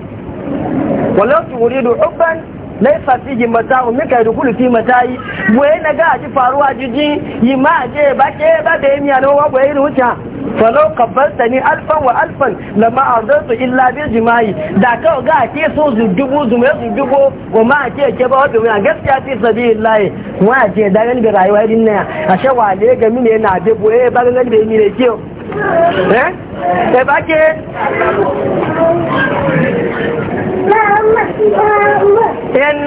wuri walau turidu hubban laisa fihi mata'u mika yadkhulu fi mata'i wai naga ji faruwa jiji yi ma je ba ke ba da yimi ano wa wai ruta falau qabbaltani alfan wa alfan lama ardatu illa bil jima'i da ka ga ke so zu dubu zu mai zu dubu wa ma ke ke ba wato mai gaskiya fi sabilillah wa je da ganin da rayuwa din ne a wa ne ga mine na de boye eh, ba gani da yimi ne ke eh, eh ba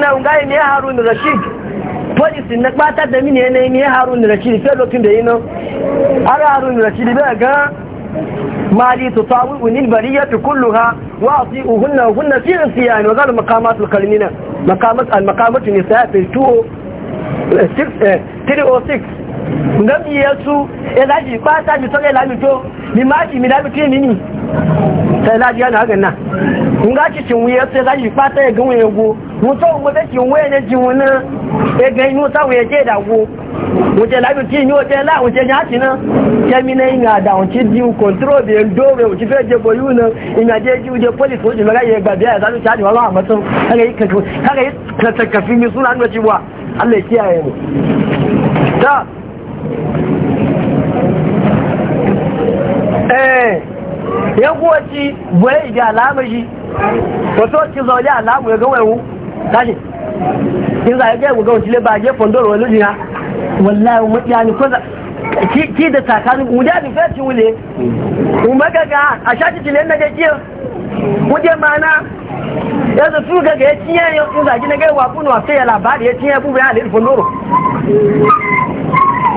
yawon gaya ne harun rashid polisi na kpata da mini yanayi ne harun rashid fiye da yi harun rashid bai ga mali su tawi unil wa uhunna fi nan nga ci cin wuya sai za shi fata ya ganwe go mutu mu da cin wuya ne jin wani ya gani mutu wuya ce da go wuce labi ci ni wuce la wuce ya ci na ya mi na ina da wuce ji control da do we wuce fe je boyu na ina je ji wuce police wuce mara ya ga biya za su ci e wala a matsan kaga yi kaga kaga yi tsakafi mi suna nuna ci wa Allah ya kiyaye mu ta eh yago ci bai e ga alamashi wato ki zaune a lamu ya ga wayo tashi in za ga ga wuce le ba je fondor wani jiya wallahi mu yani a ya tiye in za ki na ga wa kuno sai ya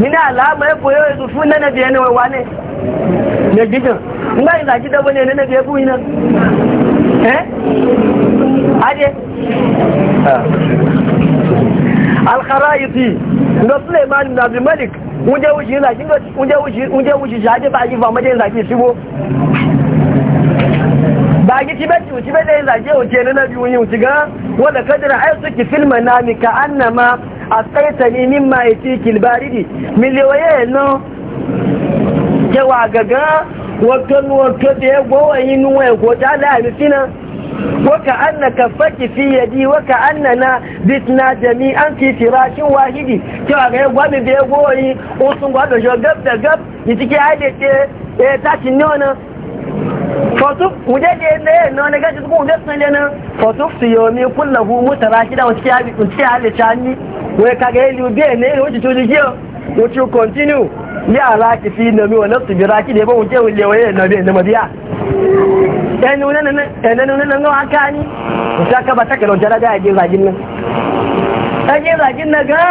nínú àlàámọ̀ ẹ̀kọ́ yóò ètò fún lẹ́nẹ̀bí ẹni wà ní nàìjíríà nígbà ìlàjídọ́gbọ́ ní ẹ̀nẹ́bí ẹkùn iná ẹ́ ajé alkharaiti lọ sílẹ̀ ìmáà ba gi ci bacci uci bai ɗayin zage uce na na biyu yin uci ga wanda kadira ai suke filma na mi ka annama a tsaita ni min ma ya ci kilbaridi miliyoyi no cewa gaga wakan wakan da ya gowa yi nuwa ya kota da halittina waka anna kafaki fi yadi waka annana bitna jami'an fi firashin wahidi cewa ga ya gwami da ya gowa yi usun shi shogab da gab yi ciki haide ce eh, ta tashi ne fasuf wuje da yadda yin na wani gaji suka wuje sun lena fasuf su yomi kullahu mutara shida wasu kiyabi in ce hali cani wai kaga yi liube ne irin wuce tuji giyo wuce kontinu ya raki fi nomi wa nafsu bi raki da ya ba wuce wule wa yin na mabiya ɗan nuna nan gawa kani ta na takalon jara da ya ge na kaje zagin na ga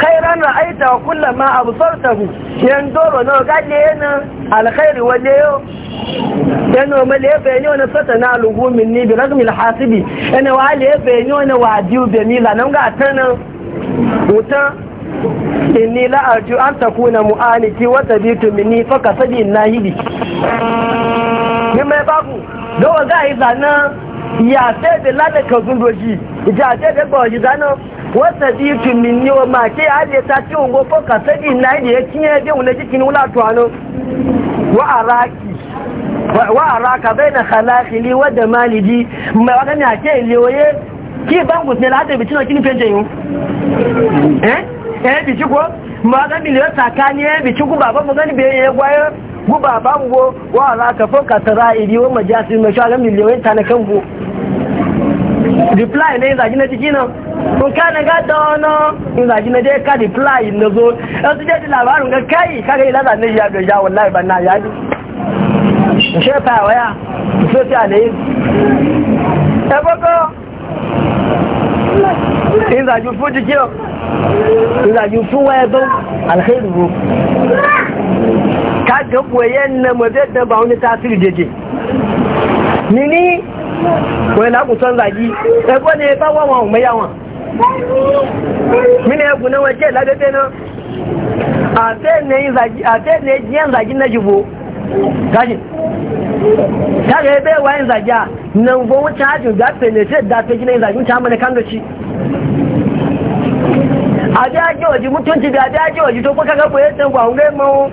khairan ra'aita wa kullama absartahu yan doro no galle yana alkhairi wale yo yana male bayani wannan sata na lugu ni bi ragmi alhasibi yana wale bayani wannan wadiu bi mila nan ga tana wuta inni la arju an takuna mu'aniki wa tabitu minni fa kasabi nahibi mimma babu dawa ga izana ya sai da lada ka zundo shi ita sai da ba shi zano wata di tun min ni wa ma ke a ta ci ungo ko ka sadi na yi da ya kinye da wani jikin wula to ano wa araki wa bai na khalakhili wa damalidi ma wa kana ke lewaye ki ban sai lada bi tuna kin fenje yi eh eh bi ci ko ma ga mi le ta ka ni bi ci ku baba mu gani be ye gwaye guba bango wa za ka fuka ta za'iri wa majasi mai shagan miliyoyin ta na kango reply ne zagi na ciki nan kun ka na gada wani in zagi na dai ka reply na zo yan su jadi labarin ga kai kaga ila zan ne ya ga ya wallahi ban na ya ji shefa waya social ne ebogo in zagi fu jiki in zagi fu waya don alkhairu ka ga boyen na mazai da ba wani tasiri jeje nini wani lagusan zagi ẹgbọ́n ni bá wọ́n wọn mẹ́yà wọn mini ẹgbùn na? wọ́n jẹ́ lábẹ́bẹ́ náà àtẹ́ ní jíyàn zagi náà jùbò gashi tare ebe wayan zagiya nan gowon cajin gafe ne sai dafe gina yin zagin ta mana kan doci a biya ji waje mutunci da biya ji waje to kuka ga koyar da gwawon gaimawon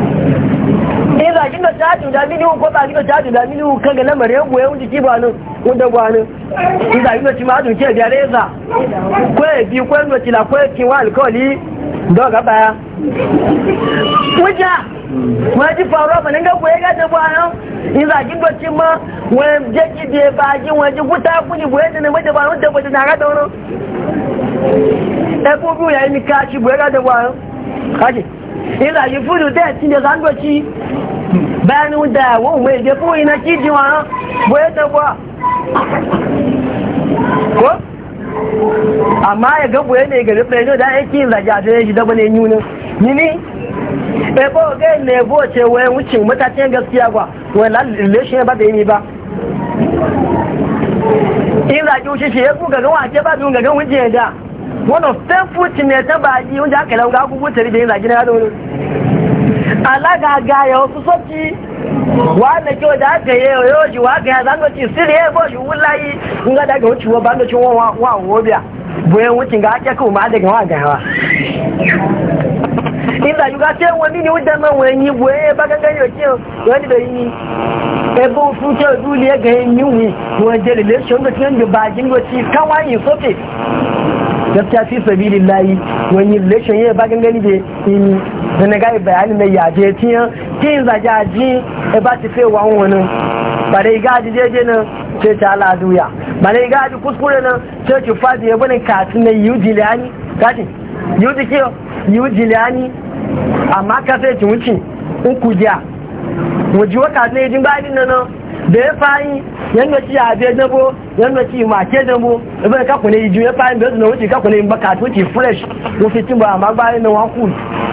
kin da caji da mini ko ba kin da caji da mini kan ga lamar yan goyen jiki ba nan ko da ba nan kin da ina ci ma dun ke da reza ko e bi ko no ci la ko ki wa alkoli do ga baya wuja ma ji faruwa ba nan ga goye ga da ba nan in za kin da ci ma wen je ki de ba ji wen ji guta ku ni goye da ne mai da ba da ba da ga da wono e ko ya ni ka ci goye ga da ba nan kaji ina yi fudu da tin da zango ci báyánú da àwọn òun èdè fún iná kí di wọn bó é tó bọ́ kó àmá ẹ̀gẹ́ bó é lè gẹ̀rẹ́ pẹ̀lú ẹjọ́ dáyé ìlàjà àti ẹjì dọ́gbọ́n lè yún ní ebo ga ne bo ce wai wucin mutacin gaskiya gwa wai relation ba da yi ba in zaki wace ba wani ne ta baji da na alága ayọ̀ òtútó tí wà lẹ́kẹ́ òjá gẹ̀yẹ yóò jù wá gẹ̀yẹ àdánlòtì sílẹ̀ ẹgbọ́ ṣù wú láyé ńgádàgà ó ṣùwọ́ bá lóṣù wọn wà wọ́n bíà bóyá wọ́n ti gà ákẹ́kọ̀ọ́ máa dẹ̀gà wà gàwà nígbà yóò gá tí ní ni ó dẹ́mọ̀ wọn ẹni bóyá bá gẹ́gẹ́ yóò tí wọ́n níbẹ̀ yìí ẹbú fún tí ó dúlé gẹ̀yẹ níwì wọ́n jẹ́ lè lé ṣọ́ gaskiya fi sabilillahi wani relation ya ba gangani da in da na gai bayani mai yaje tiyan tin zajaji e ba ti fe wa wani bare ba dai gaji jeje nan ce ta aladuya bare dai gaji kuskure nan ce ki fadi ya bane katin na yujilani katin yuji kiyo yujilani amma ka sai ki wuce in kujiya wajiwa katin ya jin bayanin nan da ya fayi yanda ci a be dabo yanda ci ma ke dabo ibe ka kule iju ya fa be na wuce ka kule ba ka tuci fresh ko fitin ba amma ba ne wa ku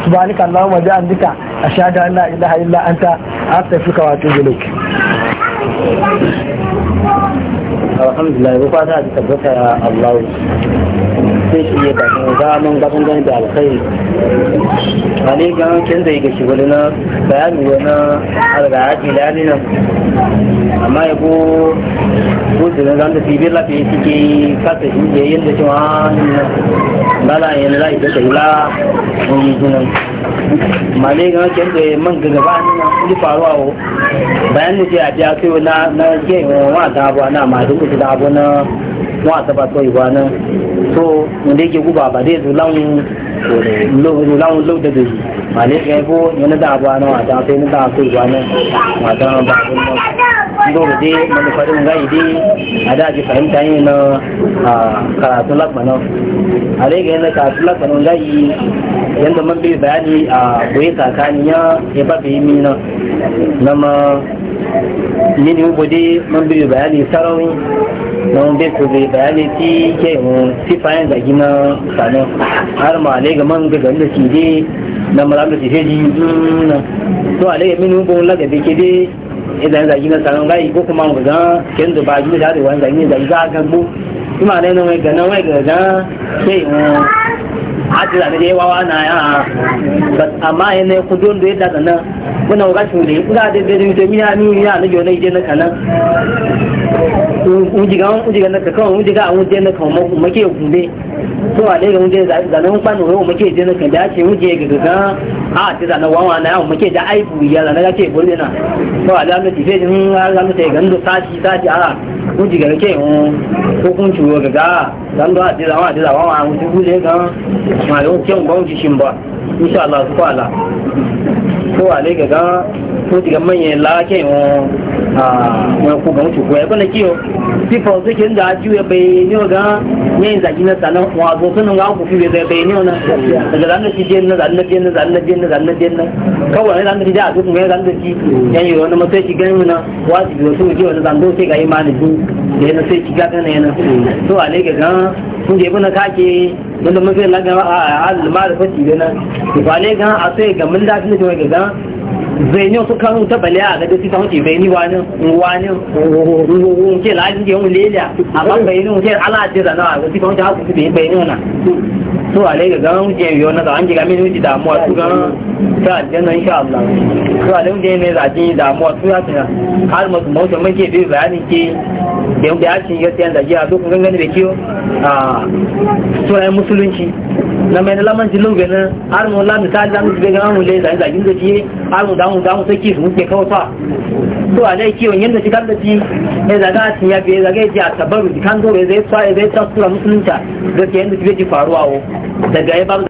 subhanaka allahumma da andika ashhadu an la ilaha illa anta astaghfiruka wa atubu ilaik alhamdulillah ko fata da tabbata Allah sai ki yi bakin zaman bakin gani da alkhairi da na bayani wani alga haji lani nan amma ya ko zan da bibir lafi suke kasa shi yin da cewa bala yin lai da shagula mun yi jinan male gan kin da man gaba ni na kuli faruwa o bayan da ce a biya kai na na ke wa da abuwa na ma duk da abu na wọn àtàbà tó ìwà náà tó da gúbà àbàdé ètò a lóòdòdò yìí mà ní fẹ́ kó yẹn nígbà àbọ̀ àná àti àti nígbà àtó ìwà náà mà dá wọn bá tó náà ndóòrò dé mọ̀lẹ́fọ́dé wọn gáyìí dé adáàjì fàyíntà yìí na karatu lakpana alege na karatu lakpana wọn yi yadda man bi bayani a goye kakaniya ya ba bai mi na nama mini ubo dai man bi bayani sarauni don bai su zai bayani ti ke yi sifayen zagi gina sanin har ma ne ga man ga da shi dai na malam da shi dai na to a daga mini hukun lagabe ke dai idan zagi na sanin gai ko kuma ga gan ken da ba ji da da wani zagi zagi za a gagbo kuma ne na wai ga na wai ga gan ke yi ajira mi de wawa na ya but amma ene ku don do da kana muna ga shi ne ga de de mi de mi ya ni ya ne yo ne de na kana u jiga u jiga na ka ko u jiga u de na ko mu make ku tuwa da ga wuje da nan kwano muke je na kan dace wuje ga ga a ti da na wawa na muke da aibu ya da na ce bulle na to ala mu ti fe din ala mu te gando sati sati a wuje ga ke ho ko kun ciwo ga ga dan da ti da wa ti da wawa ga ba insha Allah ko ala ko ale ga ga ko ti ga manye la wọn kó gan tukọ ẹ kọ́nà kí o fífọ sókè ń dàá ju ẹbẹ ní ọ̀gá ní ìzàjì náà sànà wọn àgbọ̀ tó nùgbà kò fífi ẹbẹ ní ọ̀nà ẹ̀dọ̀dà ń lọ́tí jẹ́ náà lọ́tí jẹ́ náà lọ́tí jẹ́ náà lọ́tí jẹ́ náà kọ́wọ́ ẹ̀ lọ́tí jẹ́ àtúntò ẹ̀ lọ́tí yẹn yọ̀ ọ́nà mọ́tò ẹ̀kí gẹ́rin náà wọ́n á ti bìrọ̀ sókè ọ̀nà sàǹdó ṣe ká yín máa nì dún yẹn náà ṣèkí gàgán náà yẹn náà tó wà lẹ́gẹ̀ gan fún jẹ́ bọ́nà káàkiri wanda mafi lagan a almar fati gana ba ne gan a sai ga mun da ne ga gan zẹ̀yìn tó kánú tẹ́bẹ̀lẹ́ a sí sáwọn ti bẹ̀yìn wani wani ohun kí láàrín jẹ́ ohun lélẹ̀ àbábẹ̀yìn ohun kí aláàjẹ́dà náà àgẹ́ sí sáwọn su hàkùn sí wana su tó àlẹ́ gẹ̀gẹ́ ń jẹ ìyọ́ náà àwọn jẹ́gà mẹ́rin ti dààmú àti gan sáàjẹ́ náà iṣẹ́ su tó àlẹ́ ń jẹ́ ilẹ̀ su ìdààmú àti láti rà almọ̀tún mọ́tún méjì ìbí ìbá ní kí gbẹ̀mgbẹ̀ á ti yọ sí àndàjẹ́ àdókùn gẹ́gẹ́ níbi kí ó a ẹ musulunci na mai laman jilin ganin har mu la misali da musu ganin mu lai zagin da ji har mu damu damu sai ki mu ke kawai fa to a dai kiwon yanda ki kalla ji ya zaga a tinya be zaga ji a tabaru kan dore zai fa zai tsura musulunta da ke yanda ki ji faruwa o daga ya ba